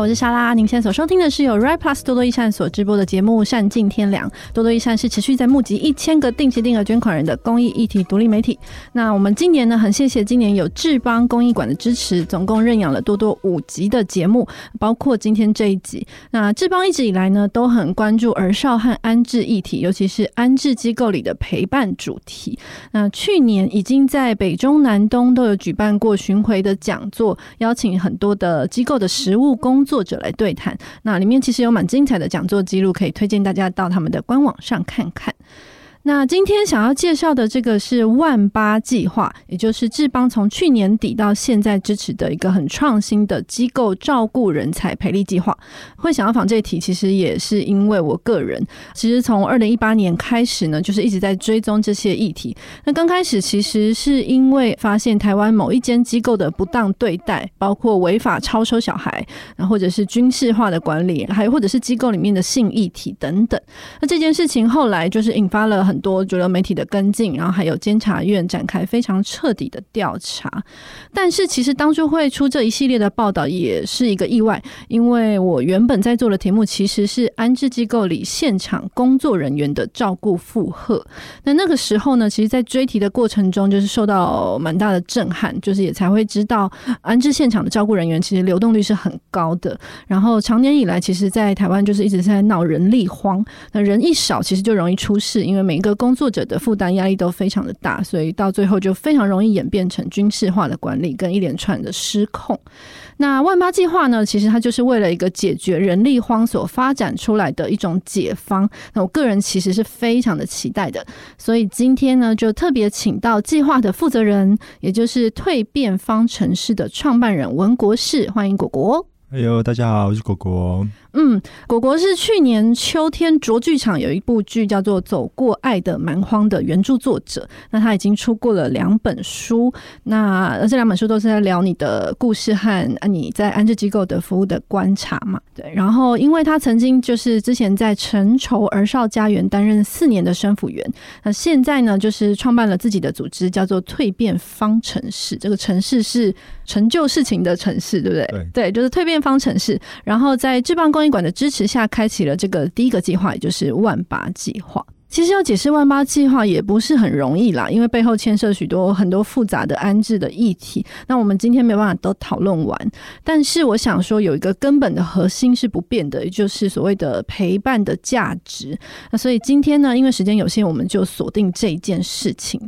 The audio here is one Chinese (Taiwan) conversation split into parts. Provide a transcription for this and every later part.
我是莎拉，您現在所收聽的是由 Right Plus 多多益善所直播的節目《善盡天良》。多多益善是持續在募集一千個定期定額捐款人的公益議題獨立媒體。那我們今年呢，很謝謝今年有智邦公益館的支持，總共認養了多多五集的節目，包括今天這一集。那智邦一直以來呢，都很關注兒少和安置議題，尤其是安置機構裡的陪伴主題。那去年已經在北中南東都有舉辦過巡迴的講座，邀請很多的機構的實務工作。作者來對談，那裡面其實有蠻精彩的講座記錄，可以推薦大家到他們的官網上看看。那今天想要介紹的這個是“萬八計劃”，也就是智邦從去年底到現在支持的一個很創新的機構照顧人才培力計劃。會想要訪這一題，其實也是因為我個人，其實從二零一八年開始呢，就是一直在追蹤這些議題。那剛開始其實是因為發現台灣某一間機構的不當對待，包括違法超收小孩，然後或者是軍事化的管理，還有或者是機構裡面的性議題等等。那這件事情後來就是引發了。很多主流媒體的跟進，然後還有監察院展開非常徹底的調查。但是，其實當初會出這一系列的報道，也是一個意外。因為我原本在做的題目其實是安置機構裡現場工作人員的照顧負荷。那那個時候呢，其實在追題的過程中，就是受到蠻大的震撼，就是也才會知道安置現場的照顧人員其實流動率是很高的。然後，長年以來，其實在台灣就是一直在鬧人力荒。那人一少，其實就容易出事，因為每個工作者的負擔壓力都非常的大，所以到最後就非常容易演變成軍事化的管理跟一連串的失控。那萬八計劃呢，其實它就是為了一個解決人力荒所發展出來的一種解方。那我個人其實是非常的期待的，所以今天呢，就特別請到計劃的負責人，也就是蛻變方成事的創辦人文國士，歡迎國國。哎呦，大家好，我是國國。嗯，國國是去年秋天卓劇場有一部劇叫做《走過愛的蠻荒》的原著作者。那他已經出過了兩本書，那這兩本書都是在聊你的故事和你在安置機構的服務的觀察嘛？對。然後，因為他曾經就是之前在陳綢兒少家園擔任四年的生輔員，那現在呢，就是創辦了自己的組織，叫做蛻變方成事。這個成事是成就事情的成事，對不對？對，對，就是蛻變方成事，然後在智邦公益館的支持下，開啟了這個第一個計劃，也就是萬八計劃。其實要解釋萬八計劃也不是很容易啦，因為背後牽涉許多很多複雜的安置的議題。那我們今天沒辦法都討論完，但是我想說有一個根本的核心是不變的，也就是所謂的陪伴的價值。那所以今天呢，因為時間有限，我們就鎖定這一件事情。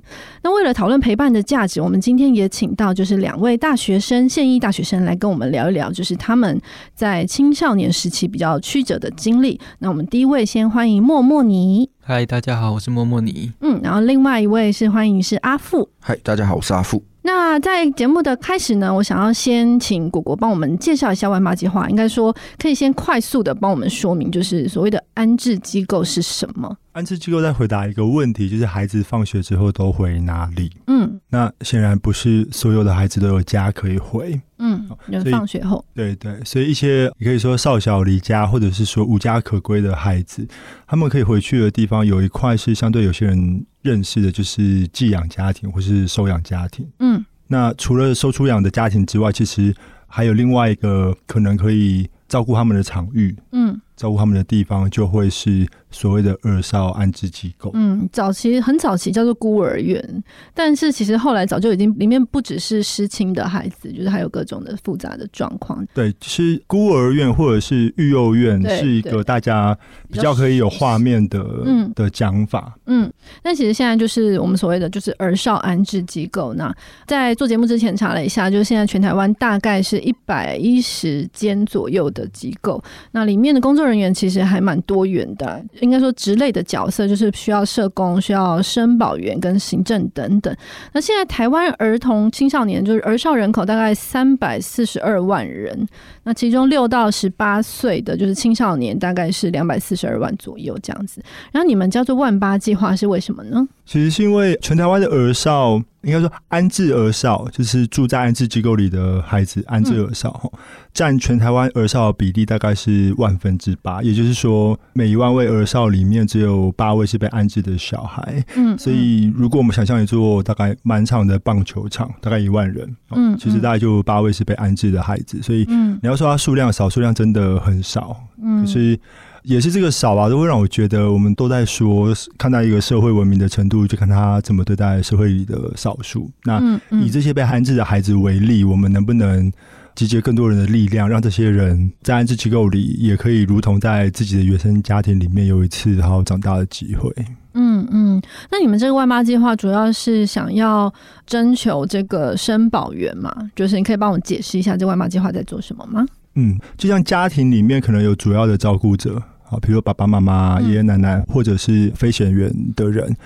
那為了討論陪伴的價值，我們今天也請到就是兩位大學生、現役大學生來跟我們聊一聊，就是他們在青少年時期比較曲折的經歷。那我們第一位先歡迎莫莫尼。嗨，Hi, 大家好，我是莫莫尼。嗯，然後另外一位是歡迎是阿富。嗨，大家好，我是阿富。那在節目的開始呢，我想要先請國國幫我們介紹一下萬八計畫。應該說可以先快速的幫我們說明，就是所謂的安置機構是什麼？安置機構在回答一個問題，就是孩子放學之後都回哪裡？嗯，那顯然不是所有的孩子都有家可以回。嗯，所以放學後，對，對對，所以一些你可以說少小離家，或者是說無家可歸的孩子，他們可以回去的地方有一塊是相對有些人認識的，就是寄養家庭或是收養家庭。嗯，那除了收出養的家庭之外，其實還有另外一個可能可以照顧他們的場域。嗯，照顧他們的地方就會是。所謂的兒少安置機構，嗯，早期很早期叫做孤兒院，但是其實後來早就已經裡面不只是失親的孩子，就是還有各種的複雜的狀況。對，就是孤兒院或者是育幼院是一個大家比較可以有畫面的、嗯、的講法嗯。嗯，那其實現在就是我們所謂的就是兒少安置機構。那在做節目之前查了一下，就是現在全台灣大概是一百一十間左右的機構，那裡面的工作人員其實還蠻多元的。應該說，職類的角色就是需要社工、需要生輔員跟行政等等。那現在台灣兒童青少年，就是兒少人口大概三百四十二萬人，那其中六到十八歲的就是青少年，大概是兩百四十二萬左右這樣子。然後你們叫做萬八計畫是為什麼呢？其實是因為全台灣的兒少。應該說，安置兒少就是住在安置機構裡的孩子，安置兒少占、嗯、全台灣兒少的比例大概是萬分之八，也就是說每一萬位兒少裡面只有八位是被安置的小孩。嗯，所以如果我們想象一座大概滿場的棒球場，大概一萬人，嗯，其實大概就八位是被安置的孩子，所以你要說它數量少，數量真的很少。嗯，可是。也是這個少吧，啊，都會讓我覺得，我們都在說，看到一個社會文明的程度，就看他怎麼對待社會裡的少數。那以這些被安置的孩子為例，嗯嗯、我們能不能集結更多人的力量，讓這些人在安置機構裡也可以如同在自己的原生家庭裡面有一次好長大的機會？嗯嗯，那你們這個萬８計畫主要是想要徵求這個生輔員嘛？就是你可以幫我解釋一下這萬８計畫在做什麼嗎？嗯，就像家庭裡面可能有主要的照顧者啊，比如爸爸媽媽、爺爺奶奶，或者是飛行員的人。嗯、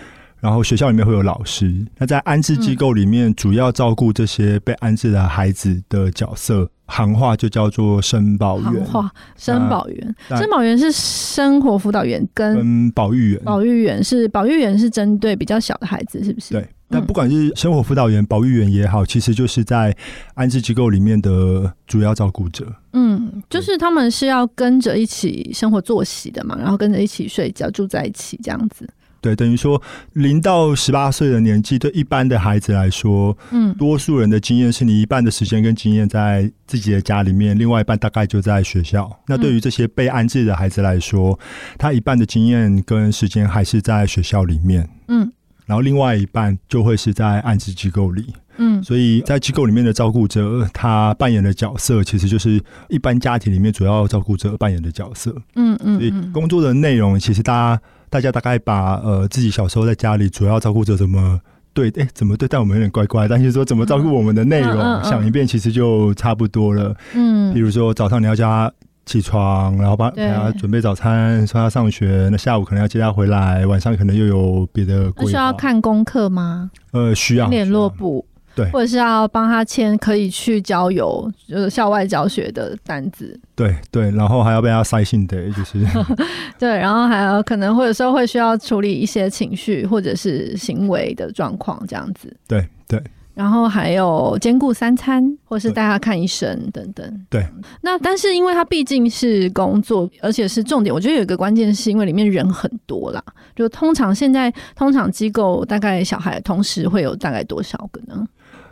然後學校裡面會有老師。那在安置機構裡面，主要照顧這些被安置的孩子的角色，嗯、行話就叫做生保員“生保員”那。生保員，生保員”，生保員是生活輔導員跟保育員。保育員是保育員是針對比較小的孩子，是不是？對。但不管是生活輔導員、嗯，保育員也好，其實就是在安置機構裡面的主要照顧者。嗯，就是他們是要跟着一起生活作息的嘛，然後跟着一起睡覺、住在一起這樣子。對，等於說零到十八歲的年紀，對一般的孩子來說，嗯，多數人的經驗是你一半的時間跟經驗在自己的家裡面，另外一半大概就在學校。那對於這些被安置的孩子來說，嗯，他一半的經驗跟時間還是在學校裡面。嗯。然後另外一半就會是在安置機構裡，嗯，所以在機構裡面的照顧者，他扮演的角色其實就是一般家庭裡面主要照顧者扮演的角色，嗯嗯。嗯嗯，所以工作的內容其實大家大家，大概把呃自己小時候在家裡主要照顧者怎麼對哎怎麼對待我們有點乖乖，但是說怎麼照顧我們的內容，嗯，想一遍其實就差不多了，嗯。比如說早上你要叫他。起床，然後幫他準備早餐，送對他上學。那下午可能要接他回來，晚上可能又有別的。需要看功課嗎？呃，需要。聯絡簿，對，或者是要幫他簽可以去郊遊，就是校外教學的單子。對對，然後還要被他塞信的，就是。 對，然後還有可能，會有時候，會需要處理一些情緒或者是行為的狀況，這樣子。對對。對然後還有兼顧三餐，或是帶他看醫生對等等。對，那但是因為他畢竟是工作，而且是重點，我覺得有一個關鍵是因為裡面人很多啦。就通常現在通常機構大概小孩同時會有大概多少個呢？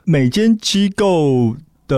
每間機構。的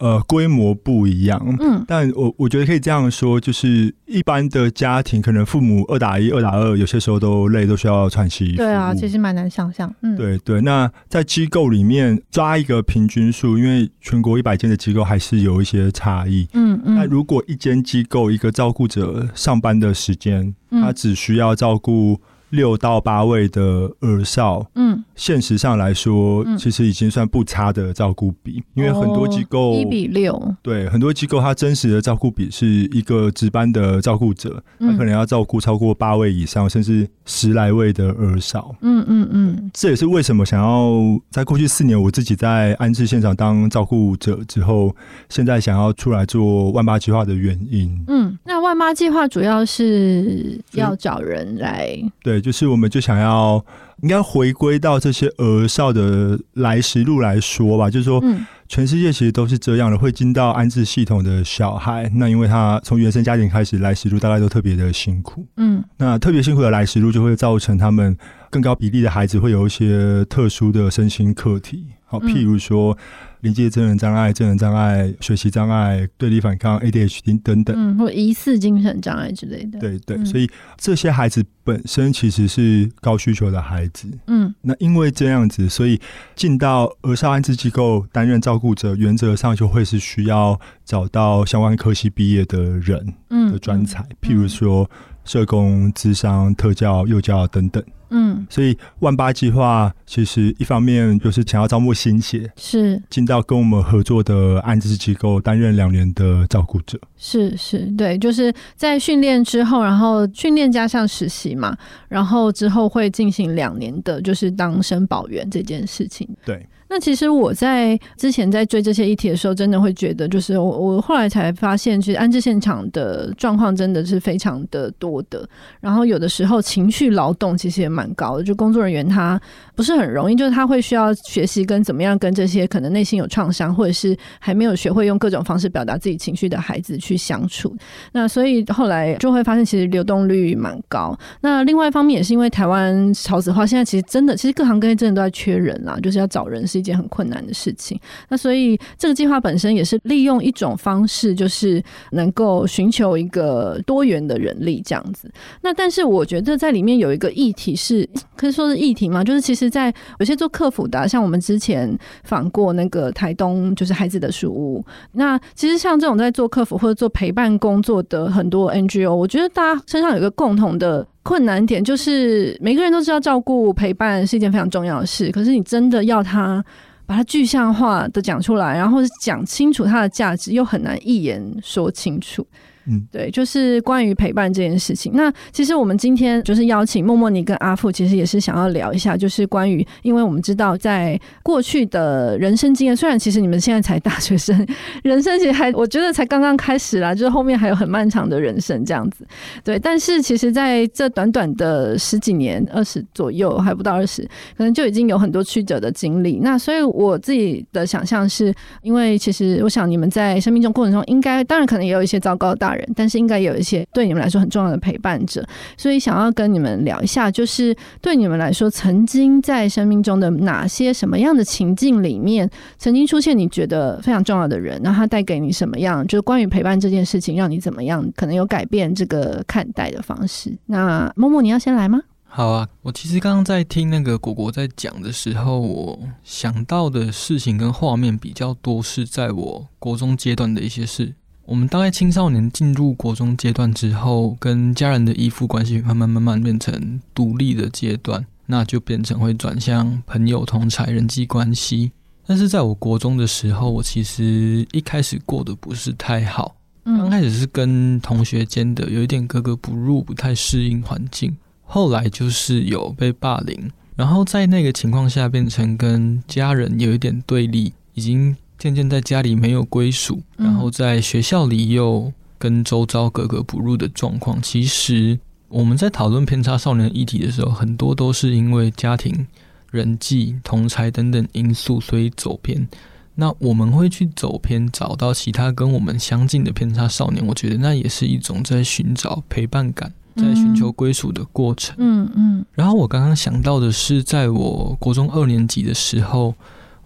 呃規模不一樣，嗯，但我我覺得可以這樣說，就是一般的家庭，可能父母二打一、二打二，有些時候都累，都需要喘息服務。對啊，其實蠻難想象，嗯，對對。那在機構裡面抓一個平均數，因為全國一百間的機構還是有一些差異，嗯嗯。那如果一間機構一個照顧者上班的時間，嗯、他只需要照顧。六到八位的兒少，嗯，現實上來說，嗯、其實已經算不差的照顧比，因為很多機構一、哦、比六，對，很多機構他真實的照顧比是一個值班的照顧者，他、嗯、可能要照顧超過八位以上，甚至十來位的兒少，嗯嗯嗯，這也是為什麼想要在過去四年我自己在安置現場當照顧者之後，現在想要出來做萬八計劃的原因。嗯，那萬八計劃主要是要找人來、嗯，對。就是，我們就想要應該回歸到這些兒少的來時路來說吧，就是說，全世界其實都是這樣的，會進到安置系統的小孩，那因為他從原生家庭開始來時路，大概都特別的辛苦，嗯，那特別辛苦的來時路就會造成他們。更高比例的孩子會有一些特殊的身心課題，好，譬如說，臨界智能障礙、智能障礙、學習障礙、對立反抗、ADHD 等等，嗯、或疑似精神障礙之類的。對，對對，嗯、所以這些孩子本身其實是高需求的孩子。嗯，那因為這樣子，所以進到兒少安置機構擔任照顧者，原則上就會是需要找到相關科系畢業的人的專才，嗯嗯嗯、譬如說。社工、諮商、特教、幼教等等，嗯，所以萬八計劃其實一方面就是想要招募新血，是進到跟我們合作的安置機構擔任兩年的照顧者，是是，對，就是在訓練之後，然後訓練加上實習嘛，然後之後會進行兩年的，就是當生輔員這件事情，對。那其實我在之前在追這些議題的時候，真的會覺得，就是我我後來才發現，其實安置現場的狀況真的是非常的多的。然後有的時候情緒勞動其實也蠻高的，就工作人員他不是很容易，就是他會需要學習跟怎麼樣跟這些可能內心有創傷，或者是還沒有學會用各種方式表達自己情緒的孩子去相處。那所以後來就會發現，其實流動率蠻高。那另外一方面也是因為台灣少子化現在其實真的，其實各行各業真的都在缺人啊，就是要找人是。一件很困難的事情，那所以這個計劃本身也是利用一種方式，就是能夠尋求一個多元的人力這樣子。那但是我覺得在裡面有一個議題是可以說是議題嘛，就是其實，在有些做客服的，啊，像我們之前訪過那個台東，就是孩子的書屋。那其實像這種在做客服或者做陪伴工作的很多 NGO，我覺得大家身上有一個共同的。困難點就是，每個人都知道照顧陪伴是一件非常重要的事，可是你真的要他把它具象化的講出來，然後講清楚它的價值，又很難一言說清楚。嗯，對，就是關於陪伴這件事情。那其實我們今天就是邀請莫莫尼跟阿富，其實也是想要聊一下，就是關於，因為我們知道在過去的人生經驗，雖然其實你們現在才大學生，人生其實還我覺得才剛剛開始啦，就是後面還有很漫長的人生這樣子。對，但是其實在這短短的十幾年，二十左右，還不到二十，可能就已經有很多曲折的經歷。那所以我自己的想象是，因為其實我想你們在生命中過程中應，應該當然可能也有一些糟糕的。人，但是應該有一些對你們來說很重要的陪伴者，所以想要跟你們聊一下，就是對你們來說，曾經在生命中的哪些什麼樣的情境裡面，曾經出現你覺得非常重要的人，然後他帶給你什麼樣？就是關於陪伴這件事情，讓你怎麼樣，可能有改變這個看待的方式。那莫莫，某某你要先來嗎？好啊，我其實剛剛在聽那個國國在講的時候，我想到的事情跟畫面比較多，是在我國中階段的一些事。我們大概青少年進入國中階段之後，跟家人的依附關係慢慢慢慢變成獨立的階段，那就變成會轉向朋友同儕、人際關係。但是在我國中的時候，我其實一開始過得不是太好，剛開始是跟同學間的有一點格格不入，不太適應環境。後來就是有被霸凌，然後在那個情況下變成跟家人有一點對立，已經。漸漸在家裡沒有歸屬，然後在學校裡又跟周遭格格不入的狀況。嗯、其實我們在討論偏差少年的議題的時候，很多都是因為家庭、人際、同儕等等因素，所以走偏。那我們會去走偏，找到其他跟我們相近的偏差少年，我覺得那也是一種在尋找陪伴感、在尋求歸屬的過程。嗯，嗯嗯。然後我剛剛想到的是，在我國中二年級的時候。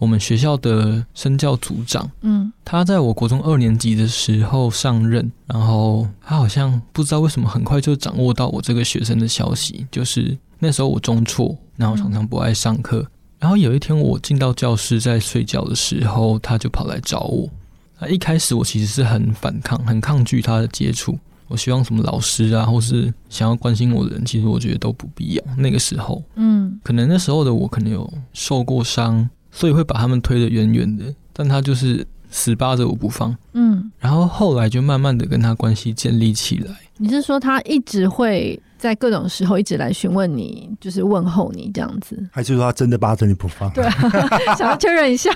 我們學校的生教組長，嗯，他在我國中二年級的時候上任，然後他好像不知道為什麼很快就掌握到我這個學生的消息，就是那時候我中輟，然後常常不愛上課，然後有一天我進到教室在睡覺的時候，他就跑來找我。那一開始我其實是很反抗，很抗拒他的接觸，我希望什麼老師啊，或是想要關心我的人，其實我覺得都不必要。那個時候，嗯，可能那時候的我可能有受過傷。所以會把他們推得遠遠的，但他就是死扒着我不放。嗯，然後後來就慢慢的跟他關係建立起來。你是說他一直會在各種時候一直來詢問你，就是問候你這樣子？還是說他真的扒着你不放？對啊， 想要確認一下。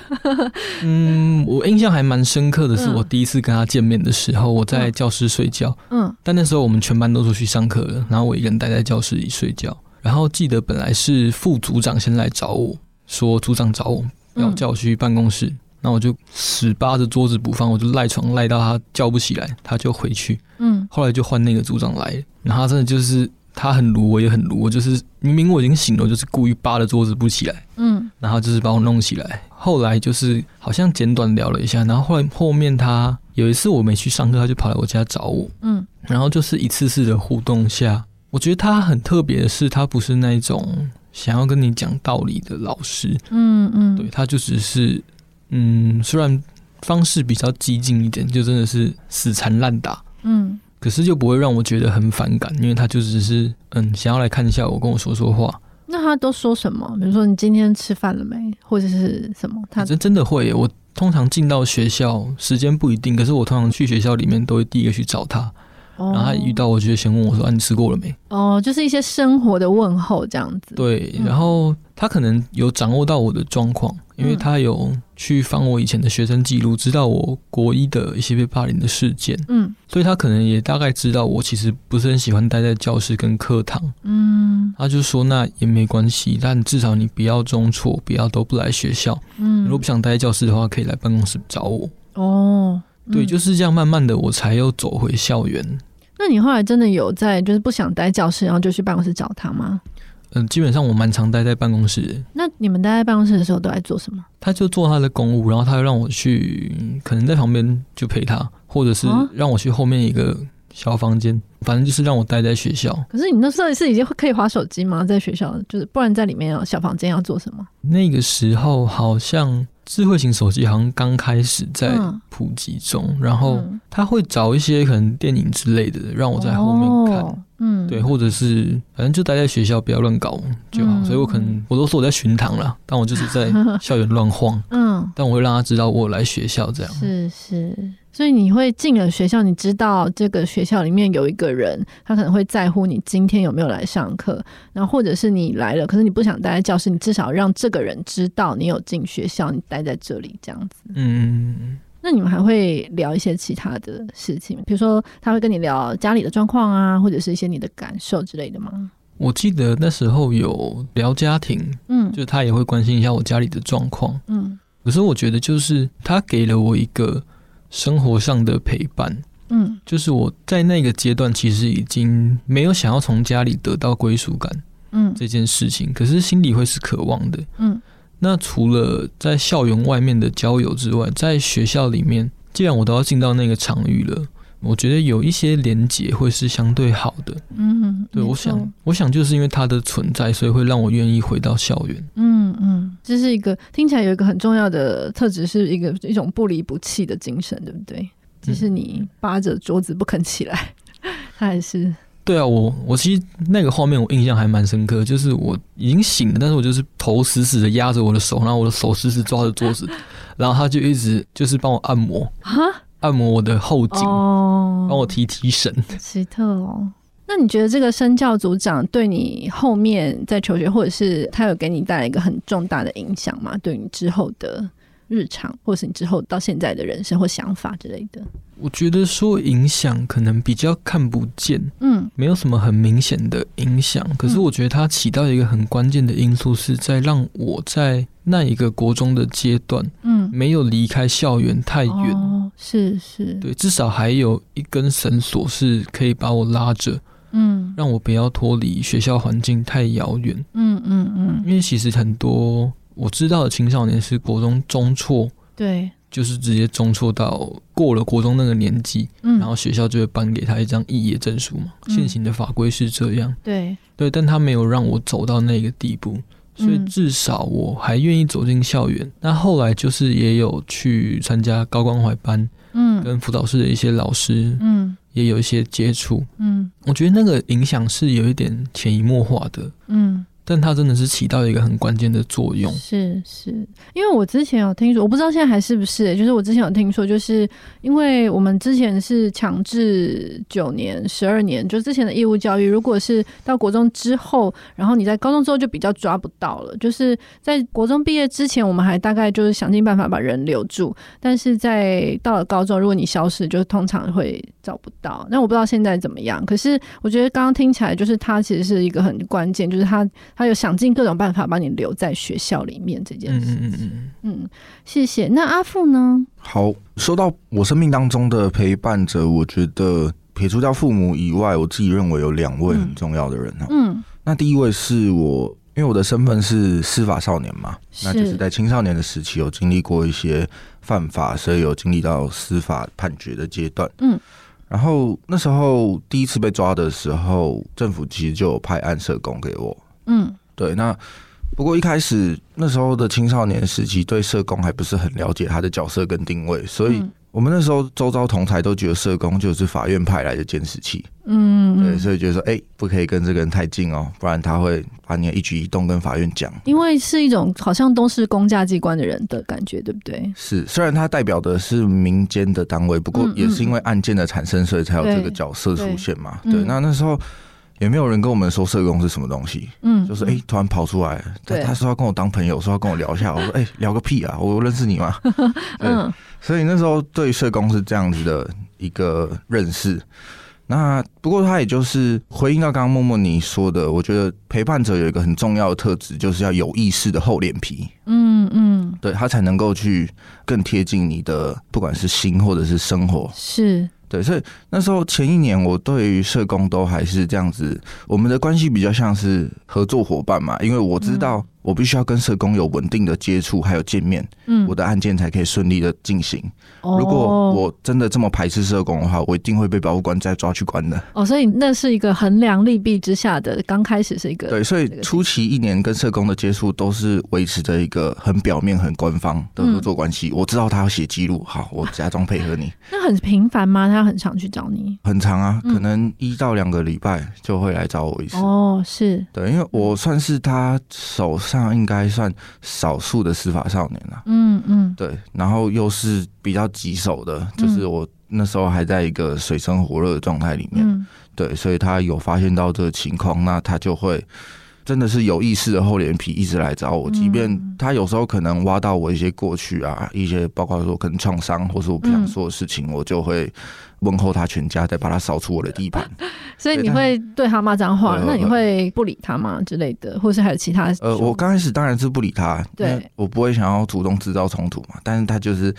嗯，我印象還蠻深刻的是，我第一次跟他見面的時候，我在教室睡覺。嗯，但那時候我們全班都出去上課了，然後我一個人待在教室裡睡覺。然後記得本來是副組長先來找我。說組長找我，要叫我去辦公室，那、嗯、我就死扒着桌子不放，我就賴床賴到他叫不起來，他就回去。嗯，後來就換那個組長來，然後他真的就是他很如我也很如我就是明明我已經醒了，就是故意扒着桌子不起來。嗯，然後就是把我弄起來，後來就是好像簡短聊了一下，然後後來後面他有一次我沒去上課，他就跑來我家找我。嗯，然後就是一次次的互動下，我覺得他很特別的是，他不是那種。想要跟你講道理的老師，嗯嗯，對，他就只是，嗯，雖然方式比較激進一點，就真的是死纏爛打，嗯，可是就不會讓我覺得很反感，因為他就只是，嗯，想要來看一下我，跟我說說話。那他都說什麼？比如說你今天吃飯了沒，或者是什麼？他真真的會。我通常進到學校，時間不一定，可是我通常去學校裡面都會第一個去找他。然後他遇到，我就會先問我說：“啊，你吃過了沒？”哦，就是一些生活的問候這樣子。對，嗯、然後他可能有掌握到我的狀況，因為他有去翻我以前的學生記錄，知道我國一的一些被霸凌的事件。嗯，所以他可能也大概知道我其實不是很喜歡待在教室跟課堂。嗯，他就說：“那也沒關係，但至少你不要中錯，不要都不來學校。嗯，如果不想待在教室的話，可以來辦公室找我。”哦，嗯、對，就是這樣，慢慢的我才又走回校園。那你後來真的有在，就是不想待教室，然後就去辦公室找他嗎？嗯、呃，基本上我蠻常待在辦公室。那你們待在辦公室的時候都在做什麼？他就做他的公務，然後他又讓我去，可能在旁邊就陪他，或者是讓我去後面一個小房間，哦、反正就是讓我待在學校。可是你那時候是已經可以滑手機嗎？在學校就是，不然在裡面啊小房間要做什麼？那個時候好像。智慧型手機好像剛開始在普及中，嗯、然後他會找一些可能電影之類的讓我在後面看，哦嗯、對，或者是反正就待在學校，不要亂搞就好。嗯、所以我可能我都說我在巡堂了，但我就是在校園亂晃，嗯，但我會讓他知道我來學校這樣。是是。所以你會進了學校，你知道這個學校裡面有一個人，他可能會在乎你今天有沒有來上課，然後或者是你來了，可是你不想待在教室，你至少讓這個人知道你有進學校，你待在這裡這樣子。嗯，那你們還會聊一些其他的事情，比如說他會跟你聊家裡的狀況啊，或者是一些你的感受之類的嗎？我記得那時候有聊家庭，嗯，就他也會關心一下我家裡的狀況，嗯。可是我覺得就是他給了我一個。生活上的陪伴，嗯，就是我在那個階段，其實已經沒有想要從家裡得到歸屬感，嗯，這件事情，嗯、可是心裡會是渴望的，嗯。那除了在校園外面的交友之外，在學校裡面，既然我都要進到那個場域了。我覺得有一些連結會是相對好的，嗯嗯哼，對我想，錯我想就是因為它的存在，所以會讓我願意回到校園，嗯，嗯嗯，這，就是一個聽起來有一個很重要的特質，是一個一種不離不棄的精神，對不對？就是你扒着桌子不肯起來，他還、嗯、是，對啊，我我其實那個畫面我印象還蠻深刻，就是我已經醒了，但是我就是頭死死的壓着我的手，然後我的手死死抓着桌子， 然後他就一直就是幫我按摩啊。按摩我的後頸，oh, 幫我提提神，奇特哦。那你覺得這個生教組長對你後面在求學，或者是他有給你帶來一個很重大的影響嗎？對你之後的？日常，或是你之後到現在的人生或想法之類的，我覺得說影響可能比較看不見，嗯，沒有什麼很明顯的影響。嗯，可是我覺得它起到一個很關鍵的因素，是在讓我在那一個國中的階段，嗯，沒有離開校園太遠，是是，對，至少還有一根繩索是可以把我拉着，嗯，讓我不要脫離學校環境太遙遠，嗯嗯嗯，因為其實很多。我知道的青少年是國中中輟，對，就是直接中輟到過了國中那個年紀，嗯，然後學校就會頒給他一張肄業證書嘛。嗯、現行的法規是這樣，對，對，但他沒有讓我走到那個地步，所以至少我還願意走進校園。嗯、那後來就是也有去參加高關懷班，嗯，跟輔導室的一些老師，嗯，也有一些接觸，嗯，我覺得那個影響是有一點潛移默化的，嗯。但它真的是起到一個很關鍵的作用。是是，因為我之前有聽說，我不知道現在還是不是欸，就是我之前有聽說，就是因為我們之前是強制九年、十二年，就之前的義務教育。如果是到國中之後，然後你在高中之後就比較抓不到了。就是在國中畢業之前，我們還大概就是想盡辦法把人留住。但是在到了高中，如果你消失，就是通常會找不到。那我不知道現在怎麼樣。可是我覺得剛剛聽起來，就是它其實是一個很關鍵，就是它。還有想盡各種辦法把你留在學校裡面這件事情，嗯。嗯，嗯謝謝。那阿富呢？好，說到我生命當中的陪伴者，我覺得撇除掉父母以外，我自己認為有兩位很重要的人。嗯，那第一位是我，因為我的身份是司法少年嘛，是那就是在青少年的時期有經歷過一些犯法，所以有經歷到司法判決的階段。嗯，然後那時候第一次被抓的時候，政府其實就有派案社工給我。嗯，對。那不過一開始那時候的青少年時期，對社工還不是很了解他的角色跟定位，所以我們那時候周遭同儕都覺得社工就是法院派來的監視器。嗯,嗯，嗯、對，所以覺得說，哎、欸，不可以跟這個人太近哦，不然他會把你一舉一動跟法院講。因為是一種好像都是公家機關的人的感覺，對不對？是，雖然他代表的是民間的單位，不過也是因為案件的產生，所以才有這個角色出現嘛。對，那那時候。也沒有人跟我們說社工是什麼東西，嗯，就是哎、欸，突然跑出來，嗯、他他說要跟我當朋友，對說要跟我聊一下，我說哎、欸，聊個屁啊，我認識你嗎？嗯，所以那時候對社工是這樣子的一個認識。那不過他也就是回應到剛剛莫莫你說的，我覺得陪伴者有一個很重要的特質，就是要有意識的厚臉皮，嗯嗯，嗯對他才能夠去更貼近你的，不管是心或者是生活，是。對，所以那時候前一年，我對於社工都還是這樣子，我們的關係比較像是合作夥伴嘛，因為我知道。嗯。我必須要跟社工有穩定的接觸，還有見面，嗯、我的案件才可以順利的進行。哦、如果我真的這麼排斥社工的話，我一定會被保護官再抓去關的。哦，所以那是一個衡量利弊之下的，剛開始是一個。對，所以初期一年跟社工的接觸都是維持着一個很表面、很官方的合作關係。嗯、我知道他要寫記錄，好，我假裝配合你。啊、那很頻繁嗎？他很常去找你？很常啊，嗯、可能一到兩個禮拜就會來找我一次。哦，是，對，因為我算是他手上應該算少數的司法少年了、啊嗯，嗯嗯，對，然後又是比較棘手的，嗯、就是我那時候還在一個水深火熱的狀態裡面，嗯、對，所以他有發現到這個情況，那他就會真的是有意識的厚臉皮一直來找我，嗯、即便他有時候可能挖到我一些過去啊，一些包括說可能創傷，或是我不想做的事情，我就會。問候他全家，再把他掃出我的地盤。 所以你會對他罵髒話？是呃、那你會不理他嗎之類的，或是還有其他？呃，我剛開始當然是不理他，對因為我不會想要主動製造衝突嘛。但是他就是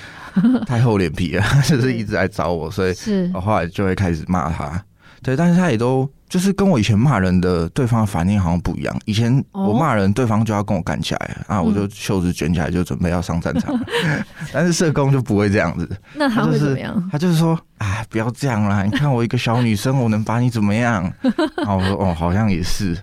太厚臉皮了， 就是一直來找我，所以我後來就會開始罵他。是對，但是他也都。就是跟我以前罵人的對方的反應好像不一樣。以前我罵人，對方就要跟我幹起來，哦、啊，我就袖子捲起來就準備要上戰場。嗯、但是社工就不會這樣子，那他就是他就是說，哎，不要這樣啦！你看我一個小女生， 我能把你怎麼樣？然後我說，哦，好像也是。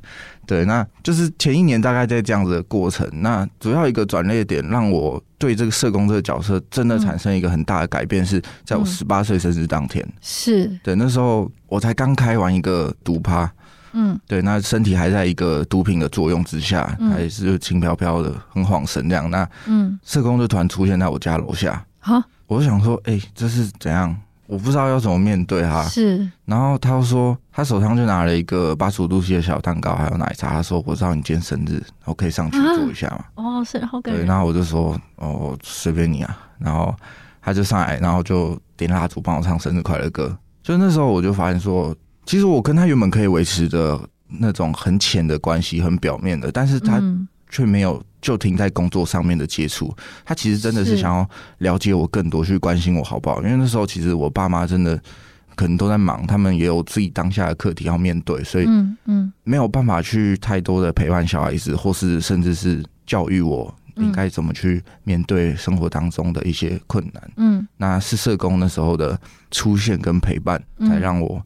對，那就是前一年大概在這樣子的過程。那主要一個轉捩點，讓我對這個社工這個角色真的產生一個很大的改變，嗯、是在我十八歲生日當天。嗯、是對，那時候我才剛開完一個毒趴，嗯，對，那身體還在一個毒品的作用之下，嗯、還是輕飄飄的，很晃神這樣。那嗯，社工的團出現在我家樓下，好、嗯，我就想說，哎、欸，這是怎樣？我不知道要怎麼面對哈，是，然後他說，他手上就拿了一個八十五度 C 的小蛋糕，還有奶茶，他說，我知道你今天生日，我可以上去做一下嘛？哦，是好感人，然後我就說哦，隨便你啊，然後他就上來，然後就點蠟燭幫我唱生日快樂歌，就那時候我就發現說，其實我跟他原本可以維持的那種很淺的關係，很表面的，但是他，嗯卻沒有就停在工作上面的接觸，他其實真的是想要了解我更多，去關心我好不好？因為那時候其實我爸媽真的可能都在忙，他們也有自己當下的課題要面對，所以嗯嗯沒有辦法去太多的陪伴小孩子，或是甚至是教育我應該怎麼去面對生活當中的一些困難。嗯，那是社工那時候的出現跟陪伴，才讓我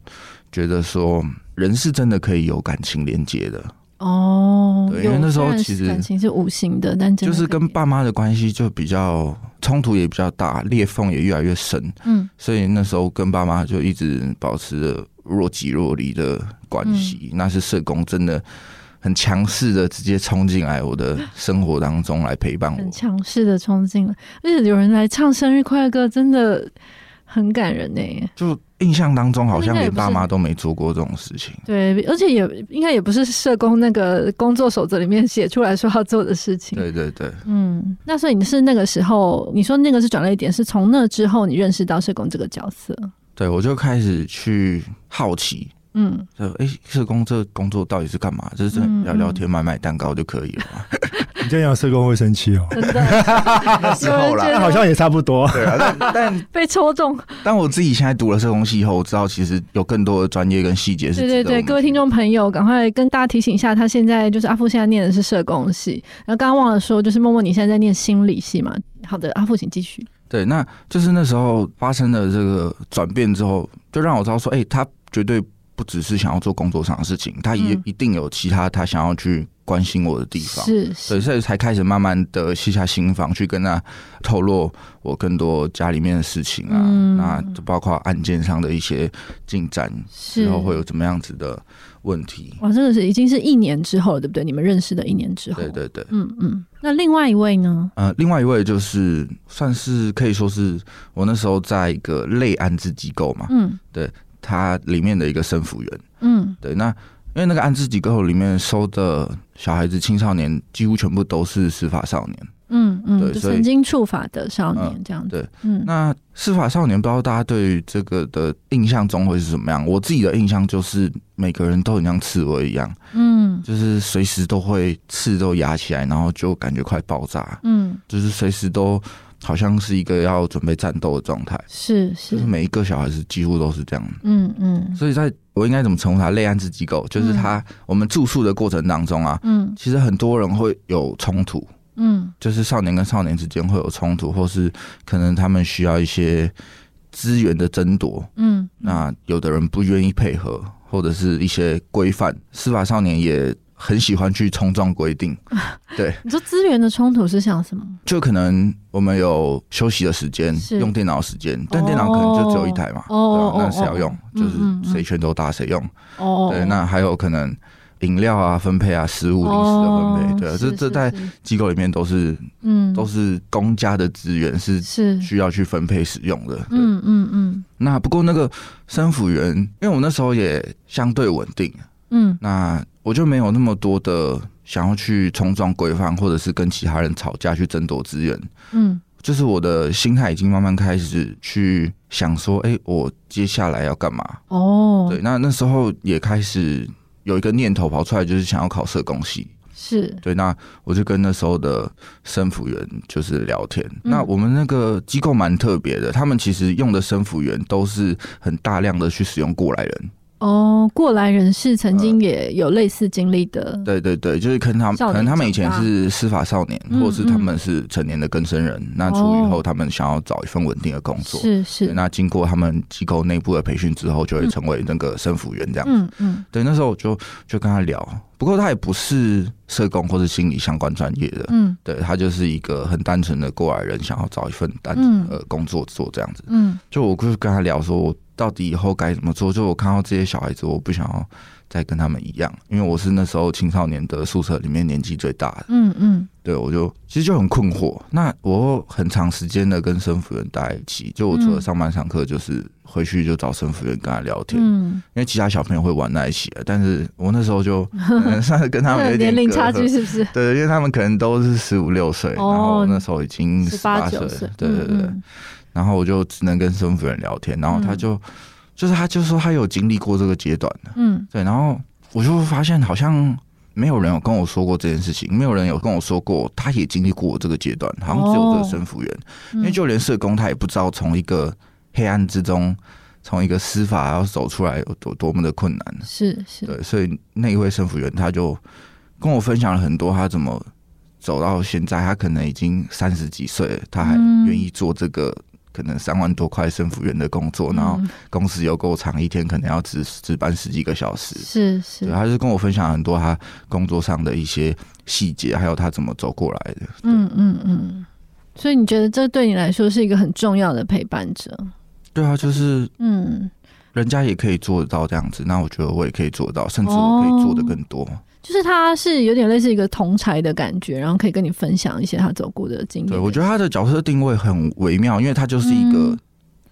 覺得說人是真的可以有感情連結的。哦，對有因為那時候其實感情是無形的，但就是跟爸媽的關係就比較衝突也比較大，裂縫也越來越深。嗯，所以那時候跟爸媽就一直保持着若即若離的關係。嗯、那是社工真的很強勢的，直接衝進來我的生活當中來陪伴我，很強勢的衝進來，而且有人來唱生日快樂歌，真的。很感人呢、欸，就印象當中好像連爸媽都沒做過這種事情，對，而且也應該也不是社工那個工作守則裡面寫出來說要做的事情，對對對，嗯，那所以你是那個時候，你說那個是轉捩點，是從那之後你認識到社工這個角色，對，我就開始去好奇。嗯，哎、欸，社工這工作到底是幹嘛？就是聊聊天、買買蛋糕就可以了嗎？嗯嗯、 你這樣講社工會生氣哦。那時候了， 好像也差不多。對、啊，但 被戳中。但我自己現在讀了社工系以後，我知道其實有更多的專業跟細節是對對對。各位聽眾朋友，趕快跟大家提醒一下，他現在就是阿富，現在念的是社工系。然後剛剛忘了說，就是莫莫你現在在念心理系嘛？好的，阿富請繼續。對，那就是那時候發生了這個轉變之後，就讓我知道說，哎、欸，他絕對。我只是想要做工作上的事情，他也一定有其他他想要去關心我的地方。嗯、是，是所以才開始慢慢的卸下心防，去跟他透露我更多家裡面的事情啊，嗯、那就包括案件上的一些進展，之後會有怎麼樣子的問題。哇，真的是已經是一年之後了，對不對？你們認識的一年之後，對對對，嗯嗯。那另外一位呢？呃，另外一位就是算是可以說是我那時候在一個類安置機構嘛，嗯，對。他裡面的一個生輔員，嗯，對，那因為那個安置機構裡面收的小孩子、青少年，幾乎全部都是司法少年，嗯嗯，嗯對，就曾經觸法的少年這樣子，呃，對，嗯，那司法少年不知道大家對於這個的印象中會是怎麼樣？我自己的印象就是每個人都很像刺蝟一樣，嗯，就是隨時都會刺都壓起來，然後就感覺快爆炸，嗯，就是隨時都。好像是一個要準備戰鬥的狀態，是是，就是每一個小孩子幾乎都是這樣，嗯嗯，所以在我應該怎麼稱呼它？類安置機構，就是他、嗯、我們住宿的過程當中啊，嗯，其實很多人會有衝突，嗯，就是少年跟少年之間會有衝突，或是可能他們需要一些資源的爭奪，嗯嗯，那有的人不願意配合，或者是一些規範，司法少年也。很喜歡去衝撞規定，對。你說資源的衝突是像什麼？就可能我們有休息的時間，用電腦的時間，但電腦可能就只有一台嘛，那誰要用，就是誰拳頭大誰用。對，那還有可能飲料啊，分配啊，食物零食的分配，對，這這在機構裡面都是，嗯，都是公家的資源，是是需要去分配使用的。嗯嗯嗯。那不過那個生輔員，因為我那時候也相對穩定，嗯，那。我就沒有那麼多的想要去衝撞規範，或者是跟其他人吵架去爭奪資源。嗯，就是我的心態已經慢慢開始去想說，哎、欸，我接下來要幹嘛？哦，對，那那時候也開始有一個念頭跑出來，就是想要考社工系。是對，那我就跟那時候的生輔員就是聊天。嗯、那我們那個機構蠻特別的，他們其實用的生輔員都是很大量的去使用過來人。哦，oh, 過來人士曾經也有類似經歷的、呃。對對對，就是跟他們，可能他們以前是司法少年，嗯嗯、或是他們是成年的更生人。嗯、那出獄後，他們想要找一份穩定的工作。是是、哦。那經過他們機構內部的培訓之後，就會成為那個生輔員這樣子。嗯嗯。對，那時候我就就跟他聊，不過他也不是社工或是心理相關專業的。嗯。對他就是一個很單純的過來人，想要找一份單、嗯、呃工作做這樣子。嗯。就我就跟他聊說。到底以後該怎麼做？就我看到這些小孩子，我不想要再跟他們一樣，因為我是那時候青少年的宿舍裡面年紀最大的。嗯嗯，嗯對，我就其實就很困惑。那我很長時間的跟生輔員待在一起，就我除了上班上課，就是回去就找生輔員跟他聊天。嗯，因為其他小朋友會玩在一起，但是我那時候就呵呵算是跟他們年齡差距是不是？對，因為他們可能都是十五六歲，哦、然後那時候已經十八九歲。對對、嗯嗯、對。然後我就只能跟生輔員聊天，然後他就，嗯、就是他就說他有經歷過這個階段嗯，對。然後我就發現好像沒有人有跟我說過這件事情，沒有人有跟我說過他也經歷過我這個階段，好像只有這個生輔員，哦、因為就連社工他也不知道從一個黑暗之中，從一個司法要走出來有多多麼的困難。是是，對。所以那一位生輔員他就跟我分享了很多他怎麼走到現在，他可能已經三十幾歲了，他還願意做這個。可能三萬多塊生輔員的工作，然後工時又夠長，一天可能要值值班十幾個小時。是是，他是跟我分享很多他工作上的一些細節，還有他怎麼走過來的。嗯嗯嗯，所以你覺得這對你來說是一個很重要的陪伴者？對啊，就是嗯，人家也可以做得到這樣子，那我覺得我也可以做得到，甚至我可以做得更多。哦就是他是有點類似一個同才的感覺，然後可以跟你分享一些他走過的經歷。對，我覺得他的角色定位很微妙，因為他就是一個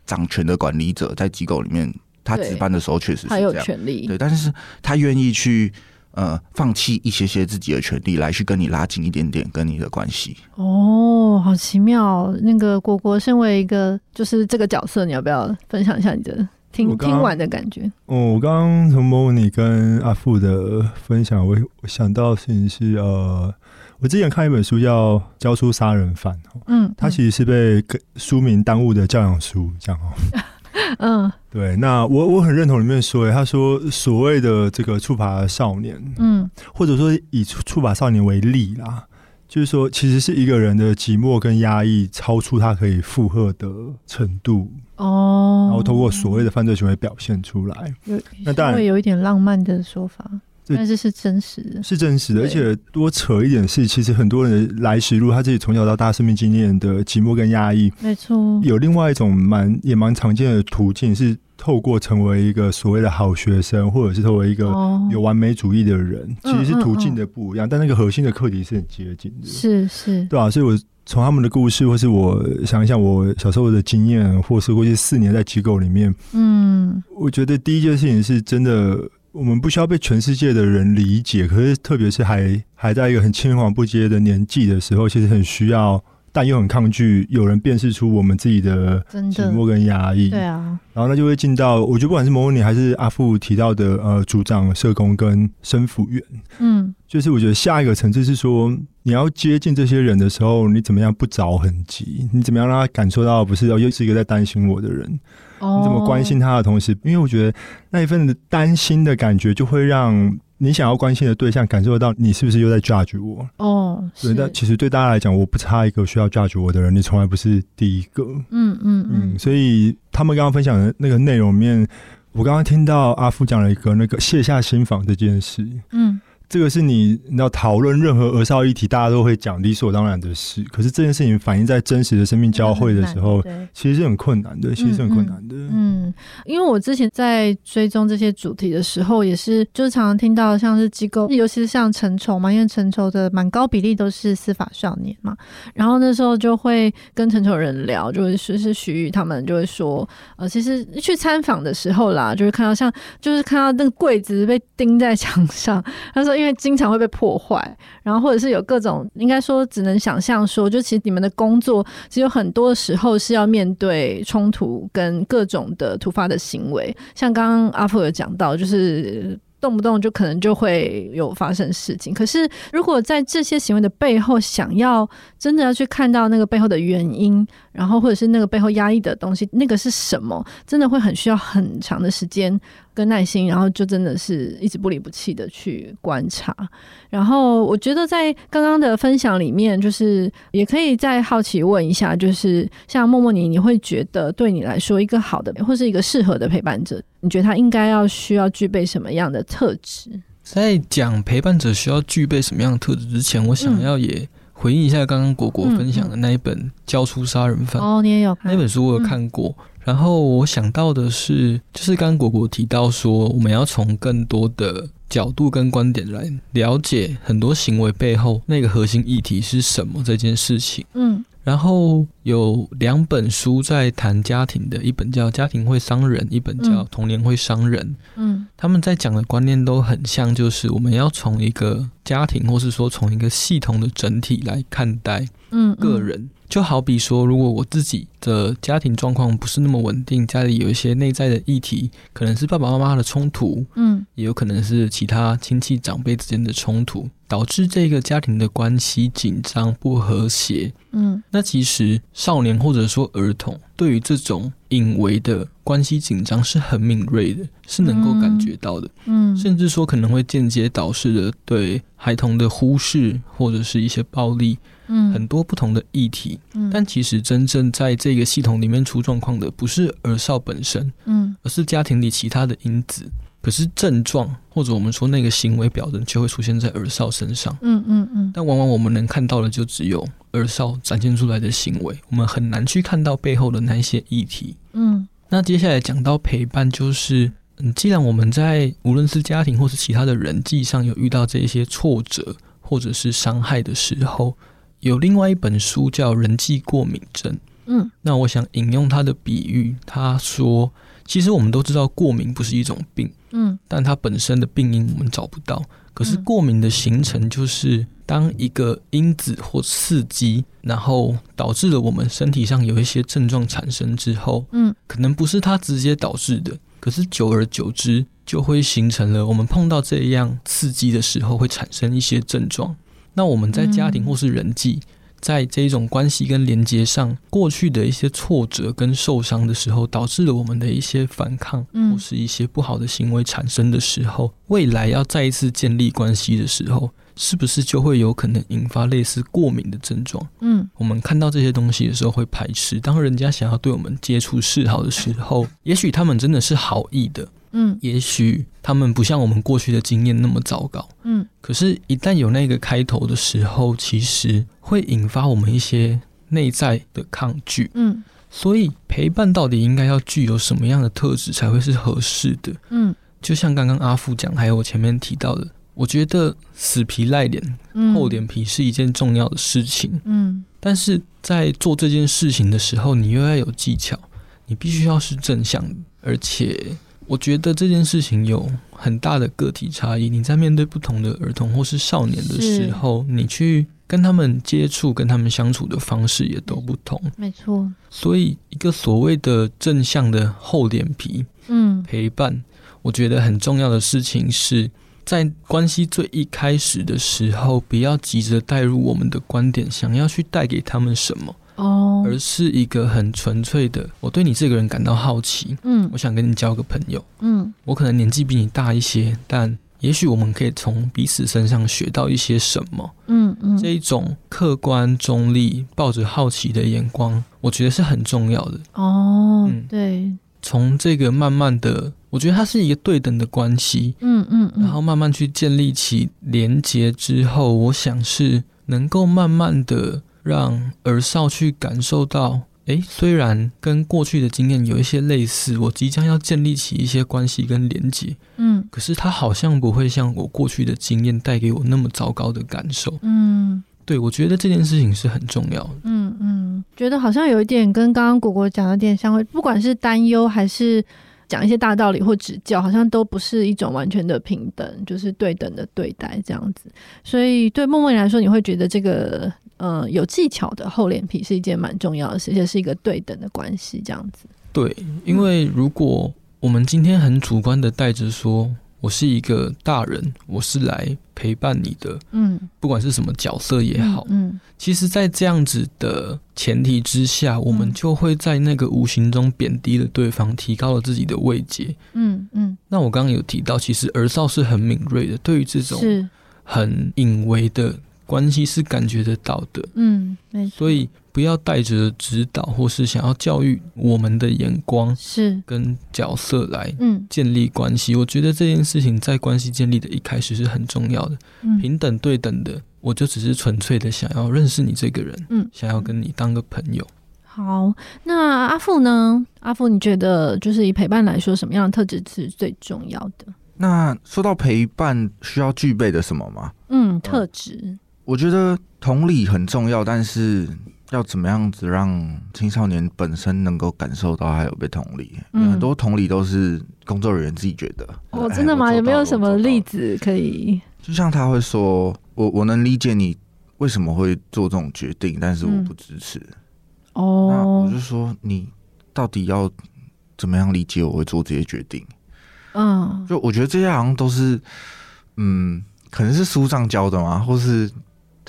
掌權的管理者，嗯、在機構裡面，他值班的時候確實是這樣。有權利，對，但是他願意去呃放棄一些些自己的權利，來去跟你拉近一點點跟你的關係。哦，好奇妙！那個國國身為一個就是這個角色，你要不要分享一下你的？聽聽完的感覺。哦、嗯，我剛剛從莫尼跟阿富的分享，我想到的事情是，呃，我之前看一本書叫《教出殺人犯》，嗯，他、嗯、其實是被書名耽誤的教養書，這樣哦、喔，嗯，對，那我我很認同裡面說、欸，他說所謂的這個觸法少年，嗯，或者說以觸觸法少年為例啦。就是說，其實是一個人的寂寞跟壓抑超出他可以負荷的程度哦，然後通過所謂的犯罪行為表現出來。那當然會有一點浪漫的說法，但是是真實的，是真實的。而且多扯一點是，其實很多人的來時路，他自己從小到大生命經驗的寂寞跟壓抑，沒錯，有另外一種蠻也蠻常見的途徑是，透過成為一個所謂的好學生，或者是作為一個有完美主義的人，哦、其實是途徑的不一樣，嗯嗯嗯、但那個核心的課題是很接近的。是是，是對啊。所以我從他們的故事，或是我想一想我小時候的經驗，或是過去四年在機構裡面，嗯，我覺得第一件事情是真的，我們不需要被全世界的人理解，可是特別是還還在一個很青黃不接的年紀的時候，其實很需要。但又很抗拒有人辨識出我們自己的沉默跟壓抑，對啊，然後那就會進到我覺得不管是莫莫尼還是阿富提到的呃組長、社工跟生輔員，嗯，就是我覺得下一個層次是說你要接近這些人的時候，你怎麼樣不着痕跡，你怎麼樣讓他感受到不是要又是一個在擔心我的人，你怎麼關心他的同時，因為我覺得那一份擔心的感覺就會讓。你想要關心的對象感受到你是不是又在 judge 我哦、oh, 是，對，但其實對大家來講，我不差一個需要 judge 我的人，你從來不是第一個，嗯嗯嗯，所以他們剛剛分享的那個內容裡面，我剛剛聽到阿富講了一個那個卸下心防這件事，嗯。這個是你要討論任何兒少議題，大家都會講理所當然的事。可是這件事情反映在真實的生命交會的時候，其實是很困難的，嗯、其實是很困難的嗯。嗯，因為我之前在追蹤這些主題的時候，也是就是、常常聽到像是機構，尤其是像成仇嘛，因為成仇的蠻高比例都是司法少年嘛。然後那時候就會跟成仇人聊，就是是徐宇他們就會說，呃，其實去參訪的時候啦，就是看到像就是看到那個櫃子被釘在牆上，他說。因為經常會被破壞，然後或者是有各種，應該說只能想象說，就其實你們的工作其實有很多時候是要面對衝突跟各種的突發的行為，像剛剛阿富有講到，就是動不動就可能就會有發生事情。可是如果在這些行為的背後，想要真的要去看到那個背後的原因，然後，或者是那個背後壓抑的東西，那個是什麼？真的會很需要很長的時間跟耐心，然後就真的是一直不離不棄的去觀察。然後，我覺得在剛剛的分享裡面，就是也可以再好奇問一下，就是像莫莫尼，你會覺得對你來說一個好的，或是一個適合的陪伴者，你覺得他應該要需要具備什麼樣的特質？在講陪伴者需要具備什麼樣的特質之前，我想要也。嗯回應一下剛剛果果分享的那一本《教出殺人犯》哦，你也有看那本書，我有看過。嗯、然後我想到的是，就是剛果果提到說，我們要從更多的角度跟觀點來了解很多行為背後那個核心議題是什麼這件事情。嗯。然後有兩本書在談家庭的，一本叫《家庭會傷人》，一本叫《童年會傷人》。嗯，他們在講的觀念都很像，就是我們要從一個家庭，或是說從一個系統的整體來看待，嗯，嗯，個人。就好比說，如果我自己的家庭狀況不是那麼穩定，家裡有一些內在的議題，可能是爸爸媽媽的衝突，嗯，也有可能是其他親戚長輩之間的衝突，導致這個家庭的關係緊張不和諧，嗯，那其實少年或者說兒童對於這種隱微的關係緊張是很敏銳的，是能夠感覺到的，嗯，嗯，甚至說可能會間接導致的對孩童的忽視或者是一些暴力。嗯，很多不同的議題，嗯，嗯，但其實真正在這個系統裡面出狀況的不是兒少本身，嗯，而是家庭裡其他的因子。嗯、可是症狀或者我們說那個行為表徵就會出現在兒少身上，嗯嗯嗯。嗯嗯，但往往我們能看到的就只有兒少展現出來的行為，我們很難去看到背後的那一些議題。嗯，那接下來講到陪伴，就是嗯，既然我們在無論是家庭或是其他的人際上有遇到這一些挫折或者是傷害的時候。有另外一本書叫《人際過敏症》，嗯，那我想引用他的比喻，他說：“其實我們都知道過敏不是一種病，嗯，但它本身的病因我們找不到。可是過敏的形成就是當一個因子或刺激，然後導致了我們身體上有一些症狀產生之後，嗯，可能不是它直接導致的，可是久而久之就會形成了。我們碰到這樣刺激的時候，會產生一些症狀。”那我們在家庭或是人際，嗯、在這一種關係跟連接上，過去的一些挫折跟受傷的時候，導致了我們的一些反抗或是一些不好的行為產生的時候，嗯、未來要再一次建立關係的時候，是不是就會有可能引發類似過敏的症狀？嗯，我們看到這些東西的時候會排斥，當人家想要對我們接觸示好的時候，也許他們真的是好意的。嗯，也許他們不像我們過去的經驗那麼糟糕，嗯，可是，一旦有那個開頭的時候，其實會引發我們一些內在的抗拒，嗯，所以陪伴到底應該要具有什麼樣的特質才會是合適的？嗯，就像剛剛阿富講，還有我前面提到的，我覺得死皮賴臉、厚臉皮是一件重要的事情，嗯，但是在做這件事情的時候，你又要有技巧，你必須要是正向，而且。我覺得這件事情有很大的個體差異。你在面對不同的兒童或是少年的時候，你去跟他們接觸、跟他們相處的方式也都不同。沒錯，所以一個所謂的正向的厚臉皮，嗯，陪伴，我覺得很重要的事情是在關係最一開始的時候，不要急着帶入我們的觀點，想要去帶給他們什麼。哦，而是一個很純粹的，我對你這個人感到好奇，嗯，我想跟你交個朋友，嗯，我可能年紀比你大一些，但也許我們可以從彼此身上學到一些什麼，嗯嗯，嗯這一種客觀中立、抱着好奇的眼光，我覺得是很重要的。哦，嗯，對，從這個慢慢的，我覺得它是一個對等的關係，嗯，嗯嗯，然後慢慢去建立起連接之後，我想是能夠慢慢的。讓兒少去感受到，誒、欸，雖然跟過去的經驗有一些類似，我即將要建立起一些關係跟連結。嗯，可是他好像不會像我過去的經驗帶給我那麼糟糕的感受，嗯，對，我覺得這件事情是很重要的，嗯嗯，覺得好像有一點跟剛剛國國講的點相關，不管是擔憂還是。講一些大道理或指教，好像都不是一種完全的平等，就是對等的對待這樣子。所以對莫莫尼來說，你會覺得這個嗯、呃、有技巧的厚臉皮是一件蠻重要的事情，是一個對等的關係這樣子。對，因為如果我們今天很主觀的帶着說，嗯我是一個大人，我是來陪伴你的。嗯，不管是什麼角色也好，嗯，嗯其實，在這樣子的前提之下，嗯，我們就會在那個無形中貶低了對方，提高了自己的位階，嗯。嗯嗯。那我剛剛有提到，其實兒少是很敏銳的，對於這種很隱微的關係是感覺得到的。嗯，沒錯。所以。不要帶着指導或是想要教育我們的眼光，是跟角色來建立關係。我覺得這件事情在關係建立的一開始是很重要的，平等對等的，我就只是純粹的想要認識你這個人，嗯，想要跟你當個朋友。好，那阿富呢？阿富，你覺得就是以陪伴來說，什麼樣的特質是最重要的？那說到陪伴需要具備的什麼嗎？嗯，特質。呃，我覺得同理很重要，但是。要怎麼樣子讓青少年本身能夠感受到還有被同理？嗯，很多同理都是工作人員自己覺得。哦，真的嗎？有沒有什麼例子可以？就像他會說：“我我能理解你為什麼會做這種決定，但是我不支持。嗯”哦，那我就說你到底要怎麼樣理解我，我會做這些決定？嗯，就我覺得這些好像都是，嗯，可能是書上教的嘛，或是。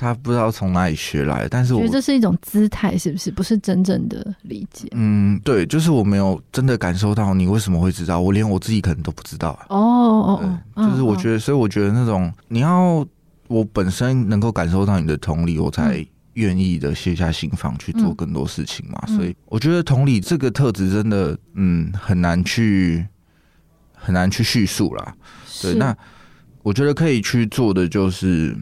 他不知道從哪裡學來，但是我覺得這是一種姿態，是不是？不是真正的理解。嗯，對，就是我沒有真的感受到你為什麼會知道，我連我自己可能都不知道、啊。哦哦哦，就是我覺得，oh, oh. 所以我覺得那種你要我本身能夠感受到你的同理，嗯、我才願意的卸下心防去做更多事情嘛。嗯、所以我覺得同理這個特質真的，嗯，很難去很難去敘述啦。對，是那我覺得可以去做的就是。